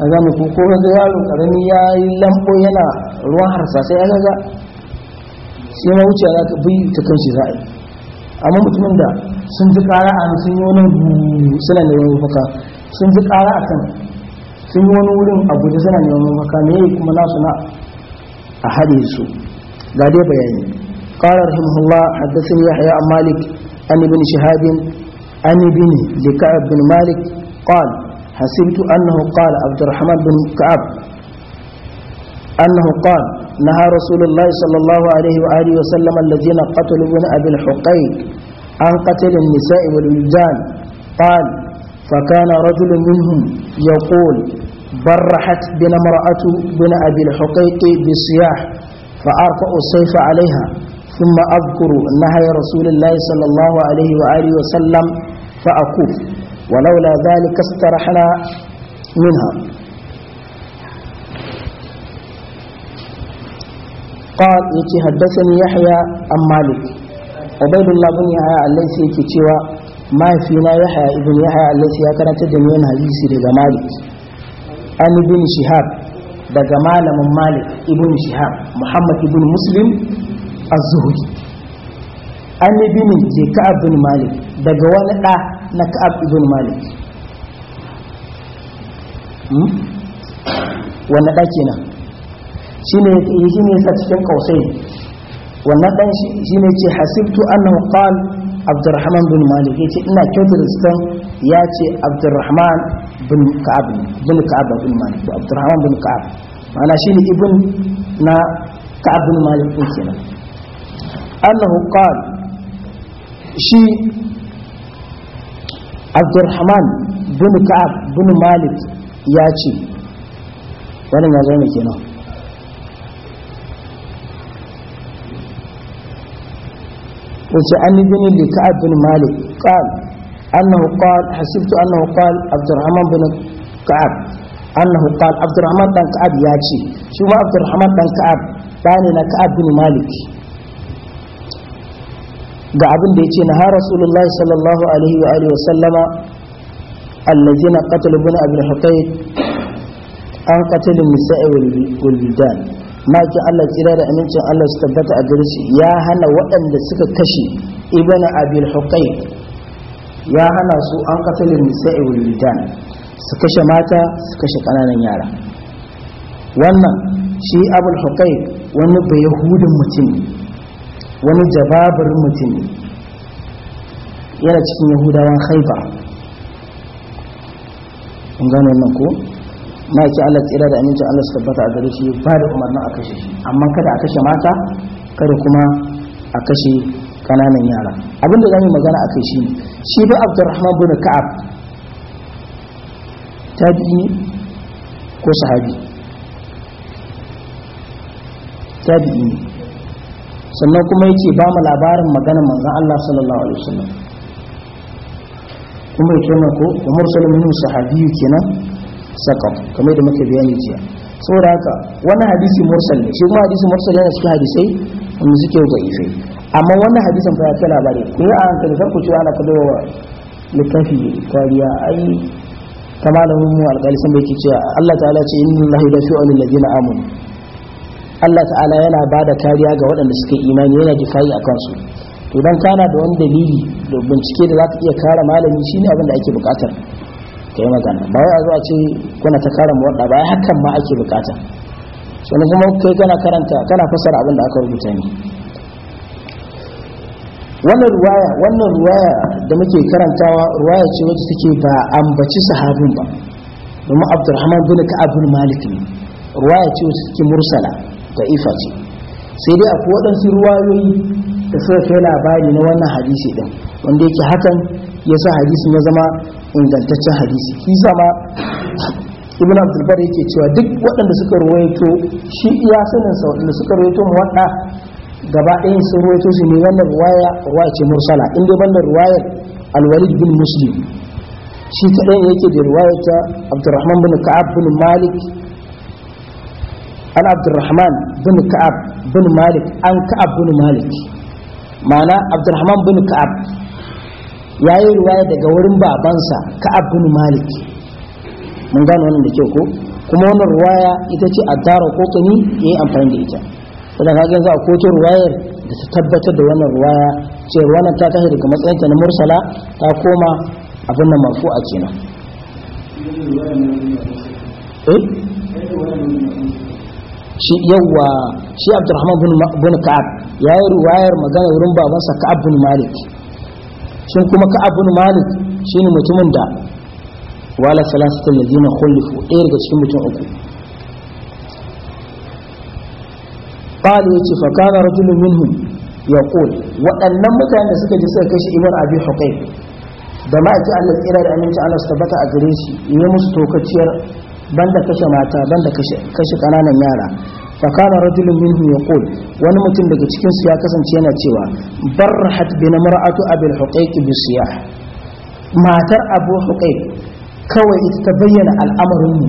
a gane ko ga yaron karami ya yi lambo yana ruwan sai ya gaga sai ma wuce za ka bi ta kan shi za'a amma mutumin da sun ji kara a sun yi wani suna neman mafaka sun ji kara a kan sun yi wani wurin a guje suna neman mafaka ya yi kuma nasu na a hade su ga dai bayani قال رحمه الله حدثني يحيى عن مالك عن ابن شهاب عن ابن لكعب بن مالك قال حسبت أنه قال عبد الرحمن بن كعب أنه قال نهى رسول الله صلى الله عليه وآله وسلم الذين قتلوا ابن أبي الحقيق عن قتل النساء والولدان قال فكان رجل منهم يقول برحت بنا امرأة بن أبي الحقيق بالصياح فأرفع السيف عليها ثم أذكر نهي رسول الله صلى الله عليه وآله وسلم فأكف ولولا ذلك استرحنا منها قال يتي حدثني يحيى عن مالك عبيد الله بن يحيى الذي يتي ما فينا يحيى ابن يحيى الذي كان تدمي من حديث لدى مالك عن ابن شهاب daga malamin malik ibn shihab muhammad ibn muslim az-zuhri an ibn malik daga wani da نكعب ابن مالك وانا داكينا شيني شيني ساتشين قوسين وانا شيني شي حسبت انه قال عبد الرحمن بن مالك يتي انا كنت رسكن ياتي عبد الرحمن بن كعب بن كعب بن مالك عبد الرحمن بن كعب معنا شيني ابن نا كعب بن مالك انه قال شي abdurrahman bin ka'ab bin malik ya ce wannan ya zama kenan wace an yi bin lika'ab bin malik qal annahu qal hasibtu annahu qal abdurrahman bin ka'ab annahu qal abdurrahman dan ka'ab ya ce shi ma abdurrahman dan ka'ab ɗane na ka'ab bin malik ga abin da ce na har rasulullah sallallahu alaihi wa alihi wa sallama allazina qatalu ibn abul huqayq an qatalu nisa'i wal bidan maki Allah tsira da amincin Allah su tabbata a gare shi ya hana waɗanda suka kashe ibn abul huqayq ya hana su an qatalu nisa'i wal bidan su kashe mata su kashe kananan yara wannan shi abul huqayq wani bai bayahudin mutum ne wani jababar mutum ne yana cikin yahudawan haifa kun gane nan ko ma'aikin allah tsira da amincin allah su tabbata a gare shi ba da umarnin a kashe shi amma kada a kashe mata kada kuma a kashe kananan yara abinda za mu magana a kai shi ne shi da abdurrahman bin ka'ab tabi'i ko sahabi tabi'i sannan kuma ya ce ba mu labarin maganar manzan Allah sallallahu alaihi wasallam kuma ya kenan ko wa mursalin minhu sahabiyu kenan sakam kamar da muke bayani jiya saboda haka wannan hadisi mursal ne shi kuma hadisi mursal yana cikin hadisai wanda suke da ife amma wannan hadisin fa ya kai labari ku yi a hankali kar ku ci ana kallo wa littafi kariya ai kama da mu alƙali sun bai ce Allah ta'ala ce inna lillahi wa inna ilaihi raji'un Allah ta'ala yana ba da kariya ga waɗanda suke imani yana kifayi a kansu to don kana da wani dalili da bincike da za ka iya kara malami shine abin da ake bukatar ka yi magana ba wai a zuwa ce kuna ta kare muwadda ba hakan ma ake bukata sannan kuma kai kana karanta kana fasara abin da aka rubuta ne wannan ruwaya da muke karantawa ruwaya ce wacce take ba ambaci sahabin ba domin abdurrahman bin ka'ab bin malik ne ruwaya ce wacce take mursala da ifa ce sai dai akwai waɗansu ruwayoyi da suka kai labari na wannan hadisi din wanda yake hakan ya sa hadisi ya zama ingantaccen hadisi shi sama ibn abdulbar yake cewa duk waɗanda suka ruwaito shi iya sanin sa waɗanda suka ruwaito muwaɗa gaba ɗaya su ruwaito su ne wannan ruwaya ruwaya ce mursala in dai wannan ruwayar alwalid bin muslim shi kaɗai yake da ruwayar ta abdurrahman bin ka'ab bin malik an abdurrahman bin ka'ab bin malik an ka'ab bin malik ma'ana abdurrahman bin ka'ab ya yi ruwaya daga wurin babansa ka'ab bin malik mun gano wannan da kyau ko kuma wannan ruwaya ita ce a tara kokani ya yi amfani da ita saboda ka ganza a ta ruwayar da ta tabbatar da wannan ruwaya ce wannan ta tashi daga matsayinta na mursala ta koma abin nan mafu a kenan shi yawa shi abdurrahman bin ka'ab ya yi ruwayar magana wurin babansa ka'ab bin malik shin kuma ka'ab bin malik shi ne mutumin da wala salasatul ladina khulifu ɗaya daga cikin mutum uku قال يتي فكان رجل ya يقول waɗannan mutanen da suka ji suka kashe ibn abin huqayb da ma'aji Allah tsira da aminci Allah tabbata a gare shi yi musu tokaciyar banda kashe mata banda kashe kananan yara fakana rajulun minhum yaqul wani mutum daga cikin su ya kasance yana cewa barrahat bi mar'atu abul huqaiq bi matar abu huqaiq kawai ita ta bayyana al'amarin mu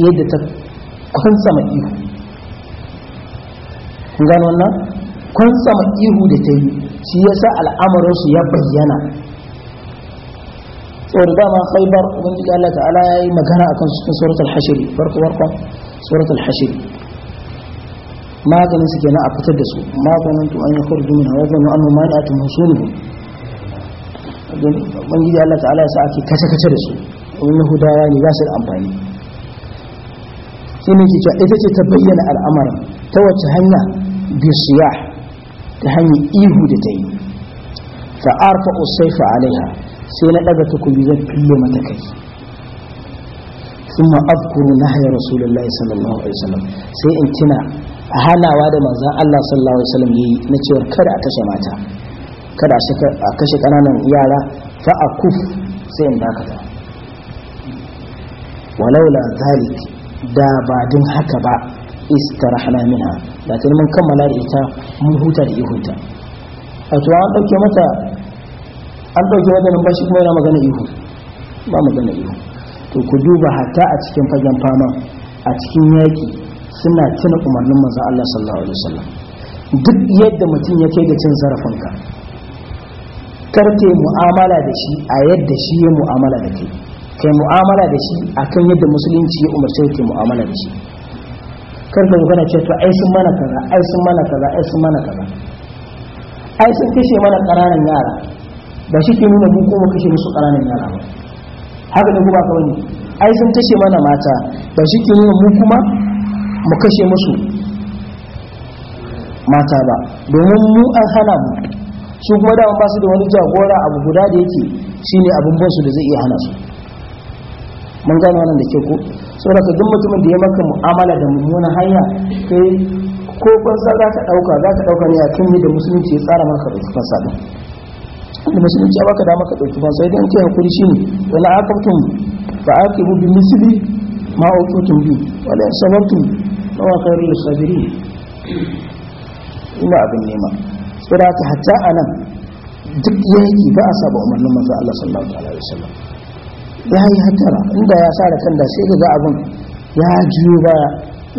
yadda ta kwantsama ihu kun gano wannan kwantsama ihu da ta yi shi yasa al'amarin su ya bayyana سورة ما خيبر ومن قال لك على أي مكان أكون سورة الحشر فرق ورقة سورة الحشر ما كان سكينا أبتدسوا ما ظننت أن يخرج منها وظنوا أنه ما يأت مصوله من يجي الله تعالى ساعتي كسا كترسوا وإنه داياني ياسر أمباني إن إذا تبين الأمر توتهنى بالصياح تهني إيهو دتين فأرفع السيف عليها sai na ɗaga takobi zan fille mata kai sun ma'abkuru na haya rasulullahi sallallahu alaihi wasallam sai in tuna a halawa da maza allah sallallahu alaihi wasallam yi na cewar kada a kashe mata kada a kashe kananan yara fa a kuf sai in dakata walaula zalik da ba din haka ba istarahna minha da mun kammala da ita mun huta da ihunta wato an dauke mata an ɗauki wata shi kuma yana magana ihu ba magana ihu to ku duba hatta a cikin fagen fama a cikin yaƙi suna tuna umarnin maza Allah sallallahu alaihi wasallam duk yadda mutum ya kai da cin ka karke mu'amala da shi a yadda shi ya mu'amala da kai kai mu'amala da shi a kan yadda musulunci ya umarce kai mu'amala da shi karka magana ce to ai sun mana kaza ai sun mana kaza ai sun mana kaza ai sun kashe mana ƙananan yara ba shi ke nuna mun kuma kashe musu ƙananan yara ba haka da guba ka wani ai sun kashe mana mata ba shi ke nuna mu kuma mu kashe musu mata ba domin mu an hana mu su kuma da ba su da wani jagora abu guda da yake shine abin bansu da zai iya hana su mun gane wannan da ke ko saboda duk mutumin da ya maka mu'amala da mummunan hanya kai ko fansa za ka ɗauka za ka ɗauka ne a kan da musulunci ya tsara maka da fansa ɗin? da musulunci ya baka dama ka dauki ba sai dan kai hakuri shine wala aqabtum fa aqibu bi misli ma uqutum bi wala sabartum law khairul sabirin ina abin nema saboda ka hatta anan duk yaki ba a saba umarnin manzo Allah sallallahu alaihi wasallam ya yi hatara inda ya sa da kan da sai ga abin ya juyo baya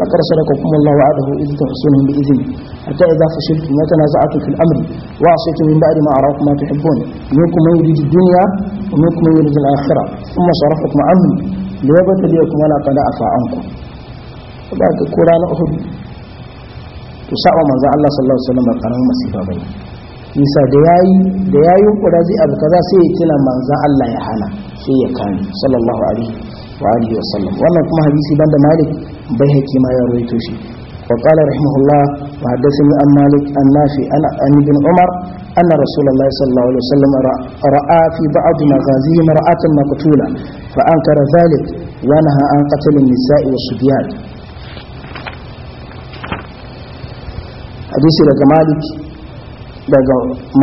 لقد صدقكم الله وعده إذ تحسنهم بإذن حتى إذا فشلتم وتنازعتم في الأمر وعصيتم من بعد ما أراكم ما تحبون منكم من يريد الدنيا ومنكم من يريد الآخرة ثم صرفكم عنهم ليبتليكم ولا قد عفا عنكم وذلك القرآن أحد تسعى من زعل الله صلى الله عليه وسلم قرن مسيفا بين nisa da yayi da yayi kura zai abu kaza sai ya tuna manzo Allah ya hana sai وسلم kani sallallahu alaihi wa alihi بيهكي ما يرويتوشي وقال رحمه الله وحدثني عن مالك النافي عن ابن عمر أن رسول الله صلى الله عليه وسلم رأى في بعض مغازيه امرأة مقتولة فأنكر ذلك ونهى عن قتل النساء والصبيان حديث لك مالك لك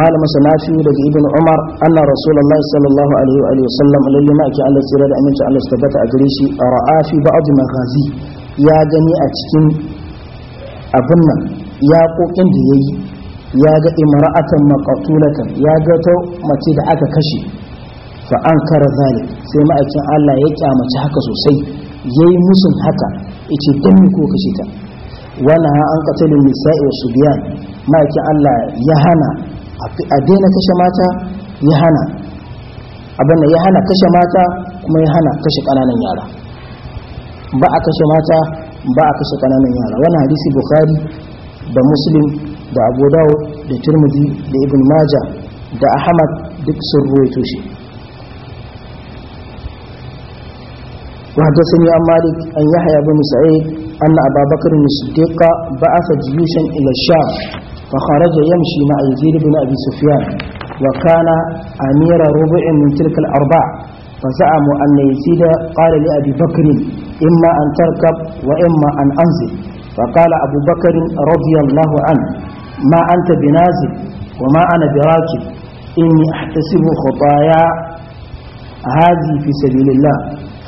مال sanafi لك ابن عمر أن رسول الله صلى الله عليه وسلم ma ما Allah tsira da aminci Allah tabbata a gare shi ra'a fi ba'd ya gani a cikin abin nan ya kokin da ya yi ya ga imra'atan maqtulatan ya ga ta mace da aka kashe fa an kara zalik sai ma'aikin Allah ya kyamaci haka sosai yayi musun haka yace dan me ko kashe ta wala an qatala nisa'i wa subyan ma'aikin Allah ya hana a daina kashe mata ya hana abin ya hana kashe mata kuma ya hana kashe ƙananan yara ba a kashe mata ba a kashe kananan yara wani hadisi bukhari da muslim da abu dawo da turmudi da ibn maja da ahmad duk sun ruwaito shi wadda sun yi amalik an yi haya bin sa'i an na ababakar musuddeka ba a sa jiyushin ilasha fa kharaja yamshi ma aljiri bin abi sufyan wa kana amira rubu'in min tilkal arba fa za'amu da yazida qala li abi bakr إما أن تركب وإما أن أنزل فقال أبو بكر رضي الله عنه ما أنت بنازل وما أنا براكب إني أحتسب خطايا هذه في سبيل الله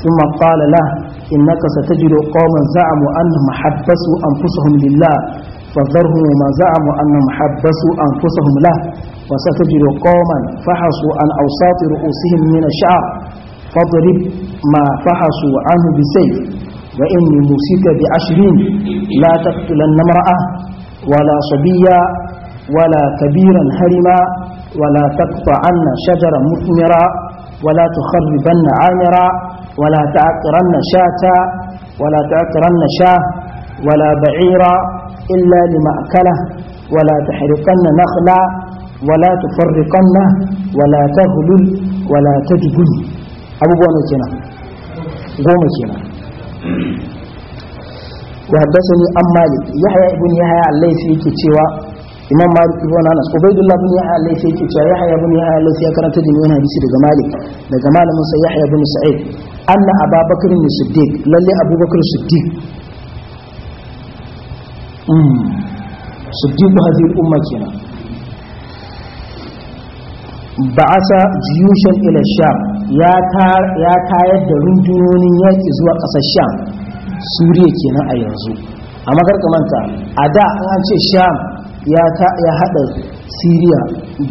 ثم قال له إنك ستجد قوما زعموا أنهم حبسوا أنفسهم لله فذرهم وما زعموا أنهم حبسوا أنفسهم له وستجد قوما فحصوا عن أوساط رؤوسهم من الشعر فاضرب ما فحصوا عنه بالسيف وإني موسيك بعشرين لا تقتلن امرأة ولا صبية ولا كبيرا هرما ولا تقطعن شجرا مثمرا ولا تخربن عامرا ولا تعقرن شاة ولا تعقرن شاه ولا بعيرا إلا لمأكله ولا تحرقن نخلا ولا تفرقنه ولا تغلل ولا تجبن abubuwa ne kenan goma kenan وحدثني عن مالك يحيى بن يحيى الليثي كتشوا imam malik ibn anas ubaidullah bin yahya alayhi yake cewa yahya bin yahya alayhi ya karanta da wani hadisi daga malik daga malamin sa yahya bin sa'id anna ababakar ne siddiq lalle abubakar siddiq mm siddiq hadhihi al-umma kenan ba'asa jiyushan ila sham ya tayar da rundunonin yaƙi zuwa ƙasar sham suriya kenan a yanzu a manta, a da an ce sham ya haɗa siriya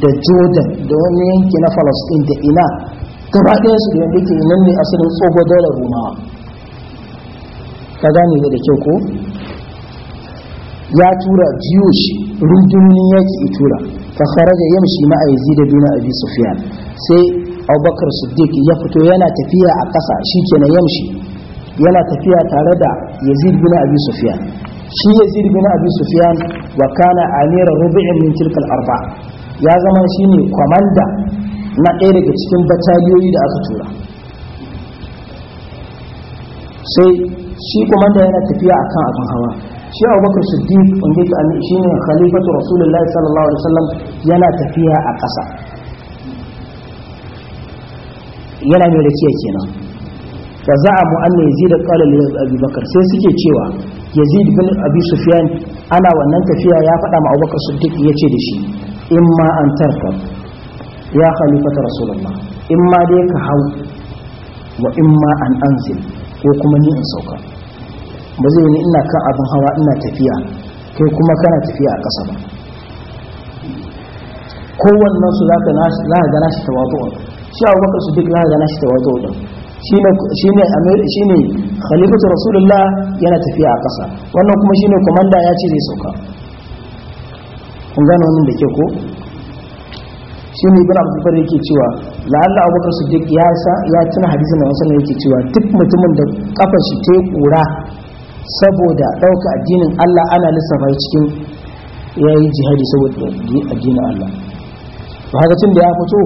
da jordan da wani yanki na falastin da ina gaba ɗaya su da ke nan ne asalin tsohon dalar rumawa ka gane da kyau ko ya tura jiyush rundunonin yaƙi tura ta kharaja yamshi ma'a yazid bina abi sufyan sai abubakar siddiq ya fito yana tafiya a ƙasa shikenan yamshi yana tafiya tare da yazid bin abi sufyan shi yazid bin abi sufyan wa kana amira rubu'in min tilkal arba ya zama shine kwamanda na ɗaya daga cikin bataliyoyi da aka tura sai shi kwamanda yana tafiya akan abin hawa shi abubakar siddiq wanda shi ne khalifatu rasulullahi sallallahu alaihi wasallam yana tafiya a ƙasa yana mai rakiya kenan za a mu'alla anna da qala li abu bakar sai suke cewa yazid bin abi sufyan ana wannan tafiya ya faɗa ma abubakar siddiq yace da shi in ma an tarka ya khalifata rasulullah in ma dai ka hau wa in ma an anzil ko kuma ni in sauka ba zai ni ina kan abin hawa ina tafiya kai kuma kana tafiya a ƙasa ba wannan su za ka gana shi tawazu'un shi abu bakar su duk na gana shi tawaye ta hudun shi ne khalifatu rasulullah yana tafiya a ƙasa wannan kuma shi ne kwamanda ya ce zai sauka kun gano wannan da ke ko shi ne ibn abu bakar yake cewa la'alla abu bakar su duk ya tuna hadisin da wasu yake cewa duk mutumin da kafar shi ta yi ƙura saboda ɗauka addinin allah ana lissafa cikin ya yi jihadi saboda addinin allah ba haka tun da ya fito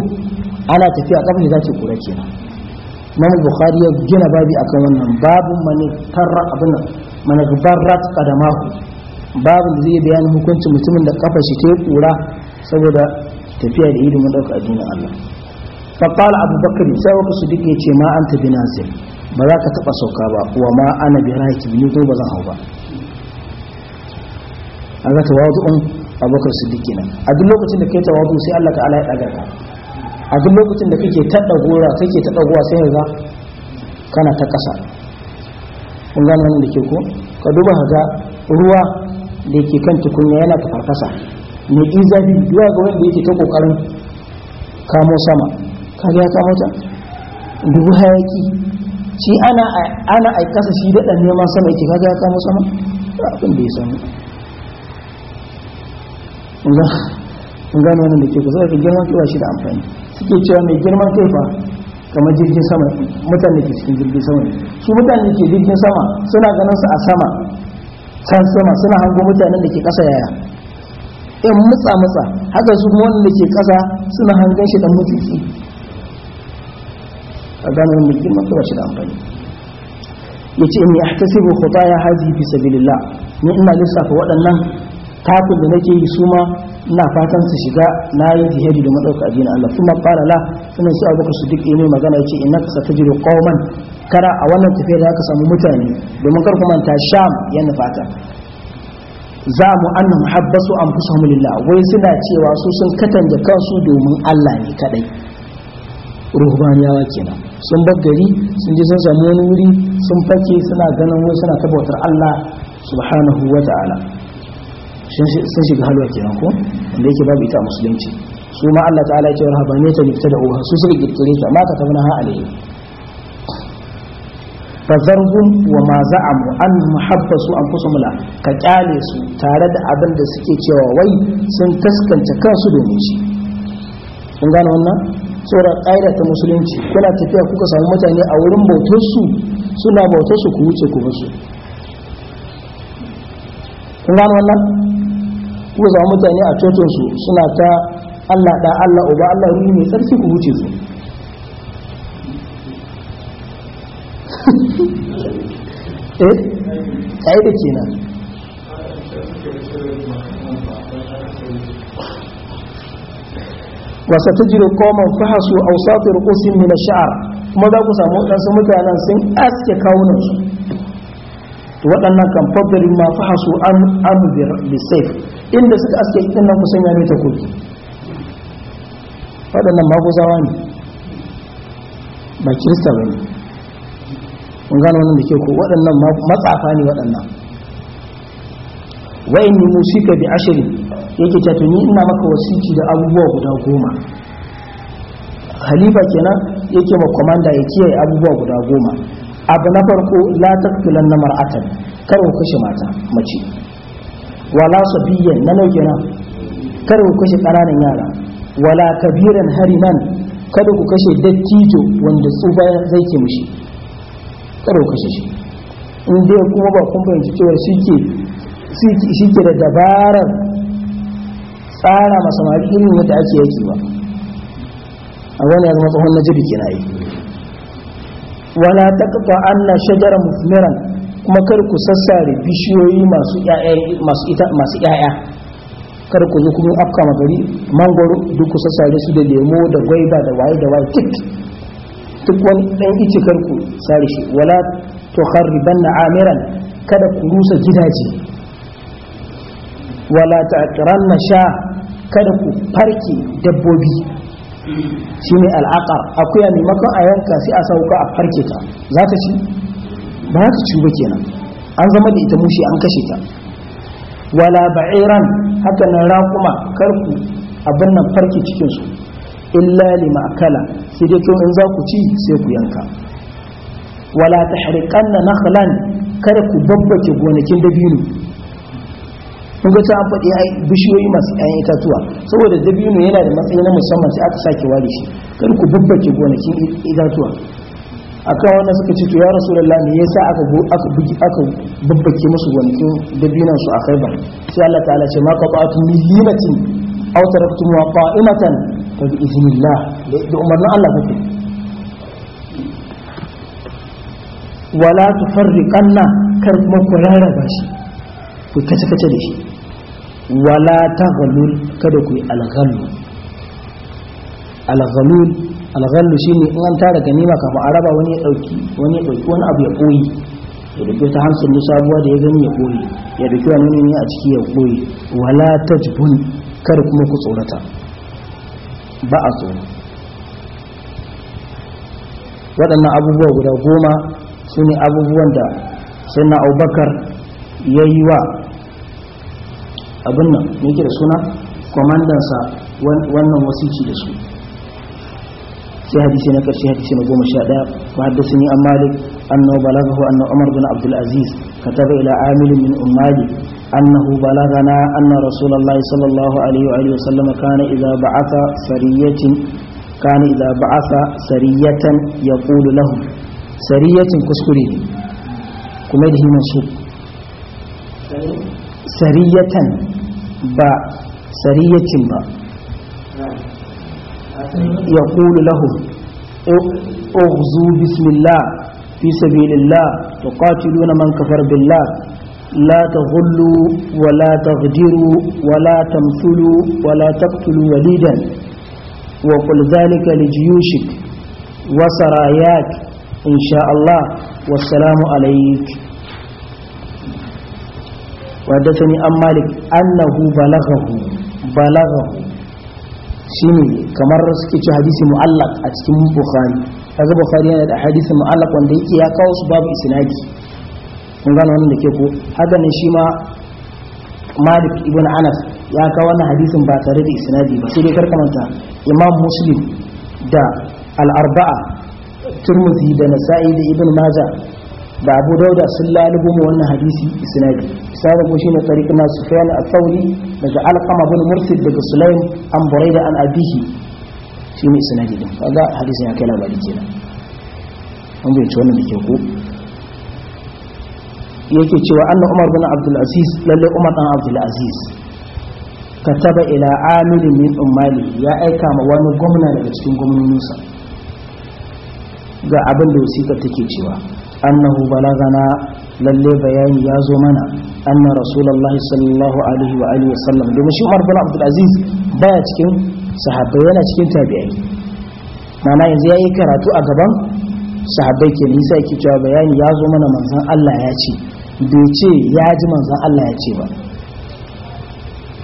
ana tafiya kafin za ki kura kenan imam bukhari ya gina babi akan wannan babu mani tarra abin mana gubarrat qadamahu babin da zai bayani hukuncin mutumin da kafa shi ta kura saboda tafiya da ilimin dauka addinin Allah fa qala abu bakr sai wa siddiq ya ce ma anta binazil ba za ka taba sauka ba wa ma ana bi raki ni ko ba zan hau ba an ga tawadu'un abubakar siddiq kenan a duk lokacin da kai tawadu sai Allah ta'ala ya daga ka a duk lokacin da kake ta dagora kake ta dagowa sai yanzu kana ta kasa kun gane wani da ke ko ka duba ga ruwa da ke kan tukunya yana ta kasa. ne in zafi duwa ga wanda yake ta kokarin kamo sama ka ga ya kamo ta dubu hayaki shi ana ana kasa shi da dan neman sama yake kaga ya kamo sama abin da ya samu kun gano wannan da ke kusa da girman kai ba shi da amfani suke cewa mai girman kai fa kamar jirgin sama mutane ke cikin jirgin sama ne su mutane ke jirgin sama suna ganin su a sama can sama suna hango mutanen da ke ƙasa yaya in mutsa mutsa haka su kuma da ke ƙasa suna hangon shi dan mutunci a gano mai girman kai ba shi da amfani ce in yahtasibu khutaya hadhihi fi sabilillah ni ina lissafa waɗannan Kafin da nake yi su ma ina fatan su shiga na yi jihadi da madauka addinin Allah kuma fara la sunan su abubakar su duk ne magana yace inna ka satajiru qauman kara a wannan tafiyar da aka samu mutane domin kar kuma manta sham ya fata. za mu an muhabbasu an fusahum lillah wai suna cewa su sun katanje kansu domin Allah ne kadai ruhbaniyawa kenan sun bar gari sun je sun samu wani wuri sun fake suna ganin wai suna tabbatar Allah subhanahu wa ta'ala sun shiga halwa kenan ko wanda yake babu ita a musulunci su ma Allah ta'ala ya ce da uwa su suka kirkire ta ma ka tabna ha alayhi fazarhum wa ma za'amu an muhabbasu an kusumula ka kyale su tare da abin da suke cewa wai sun taskance kansu domin shi kun gane wannan saboda ƙa'ida ta musulunci kuna tafiya kuka samu mutane a wurin bautar su suna bautar su ku wuce ku musu kun gane wannan kuka zama mutane a cocinsu suna ta Allah da Allah uba Allah ruhi mai tsarki ku huce su [LAUGHS] eh kai da kenan wasa ta jiro koman fahasu a wasu rukusin mina sha'ar kuma za ku samu waɗansu mutanen sun aske kawunansu waɗannan kan fadari ma fahasu an safe inda suka aske ikin nan kusan yare ta takobi waɗannan maguzawa ne ba kirista ba ne mun gano wani da ke ko waɗannan matsafa ne waɗannan wa'in ni musika bi ashirin yake ta tuni ina maka wasiki da abubuwa guda goma halifa kenan yake ma kwamanda ya kiyaye abubuwa guda goma abu na farko la taqtulan na mar'atar, kar kashe mata mace wala sabiyan na nauke na kada ku kashe ƙananan yara wala kabiran hariman kada ku kashe dattijo wanda tsufa zai ke mushi kada ku kashe shi in dai kuma ba kun fahimci cewar shi ke da dabarar tsara masamari irin yadda ake yaki ba a wani ya zama tsohon na jibi kina yi wala taqta anna shajara musmiran kuma kar ku sassare bishiyoyi masu ‘ya'ya kar ku zo kuma afka magari mangoro duk ku sassare su da lemo da gwaiba da waye da waye tik duk wani ɗan ice kar ku sare shi wala to harriban amiran kada ku rusa gidaje wala ta sha kada ku farke dabbobi shine al'aqar akuya ne maka a yanka sai a sauka a farke ta za ta ci ba za su ci ba kenan an zama da ita mushi an kashe ta wala ba'iran haka nan raƙuma karku abin nan farki su illa lima akala sai dai in za ku ci sai ku yanka wala ta na nakhlan kada ku babbace gonakin dabino kun ga ta an faɗi bishiyoyi masu ƴaƴan itatuwa saboda dabino yana da matsayi na musamman sai aka sake ware shi Kar ku babbake gonakin itatuwa akan wanda suka ce to ya rasulullah me yasa aka aka bugi aka babbake musu gonakin dabinan su a Khaibar sai Allah ta'ala ce ma qata'tu min limatin aw taraktum wa qa'imatan fa bi iznillah da umarnin Allah kuke wala tufarriqanna kar kuma ku rarraba shi ku kace kace da shi wala taghlul kada ku yi alghalul alghalul alghallu shine in an tara ganima kafin a raba wani ya dauki wani dauki wani abu ya koyi ya dauki ta hansun da sabuwa da ya gani ya koyi ya dauki wani ne a ciki ya koyi wala tajbun kar kuma ku tsorata ba a tsoro waɗannan abubuwa guda goma sune ne abubuwan da sai na abubakar ya yi wa abin nan ne ke da suna kwamandansa wannan wasici da su sai hadisi na karshe hadisi na goma sha ɗaya wa haddasani an malik annahu balagahu anna umar bin abdul aziz kataba ila amil min ummali annahu balagana anna rasulullahi sallallahu alaihi wa alihi wa sallam kana idza ba'atha sariyatin kana idza ba'atha sariyatan yaqulu lahum sariyatin kuskure kuma da himan su sariyatan ba sariyacin ba yaqulu lahum ughzu bismillah fi sabilillah tuqatiluna man kafar billah لا تغلوا ولا تغدروا ولا تمثلوا ولا تقتلوا وليدا وقل ذلك لجيوشك وسراياك إن شاء الله والسلام عليك وحدثني أم مالك أنه بلغه بلغه shine kamar suke ci hadisi mu'allaq a cikin bukhari kaga bukhari yana da hadisi mu'allaq wanda yake ya kawo su babu isnadi kun gano wannan da ke ko haka ne shi ma malik ibn anas ya kawo wannan hadisin ba tare da isnadi ba sai dai karkamanta imam muslim da al-arba'a turmuzi da nasa'i da ibn maja da abu dauda sun lalubu mu wannan hadisi isnadi da ko shine tariq na sufyan al-thawri daga alqama bin mursid daga sulaim an burayda an abihi shine isnadi din kaga hadisi ya kai labari kenan an bai ci wannan dake ko yake cewa anna umar bin abdul aziz lalle umar dan abdul aziz kataba ila amil min ummali ya aika ma wani gwamna daga cikin gwamnoninsa ga abin da wasiƙar take cewa annahu balagana lalle bayani ya zo mana anna rasulullahi sallallahu alaihi wa alihi wasallam domin shi Umar bin Abdul Aziz baya cikin sahabbai yana cikin tabi'ai mana yanzu yayi karatu a gaban sahabbai ke nisa yake cewa bayani ya zo mana manzon Allah ya ce bai ce ya ji manzon Allah ya ce ba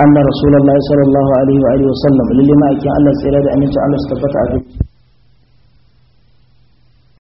anna rasulullahi sallallahu alaihi wa alihi wasallam lalle ma yake Allah tsira da aminci Allah su tabbata a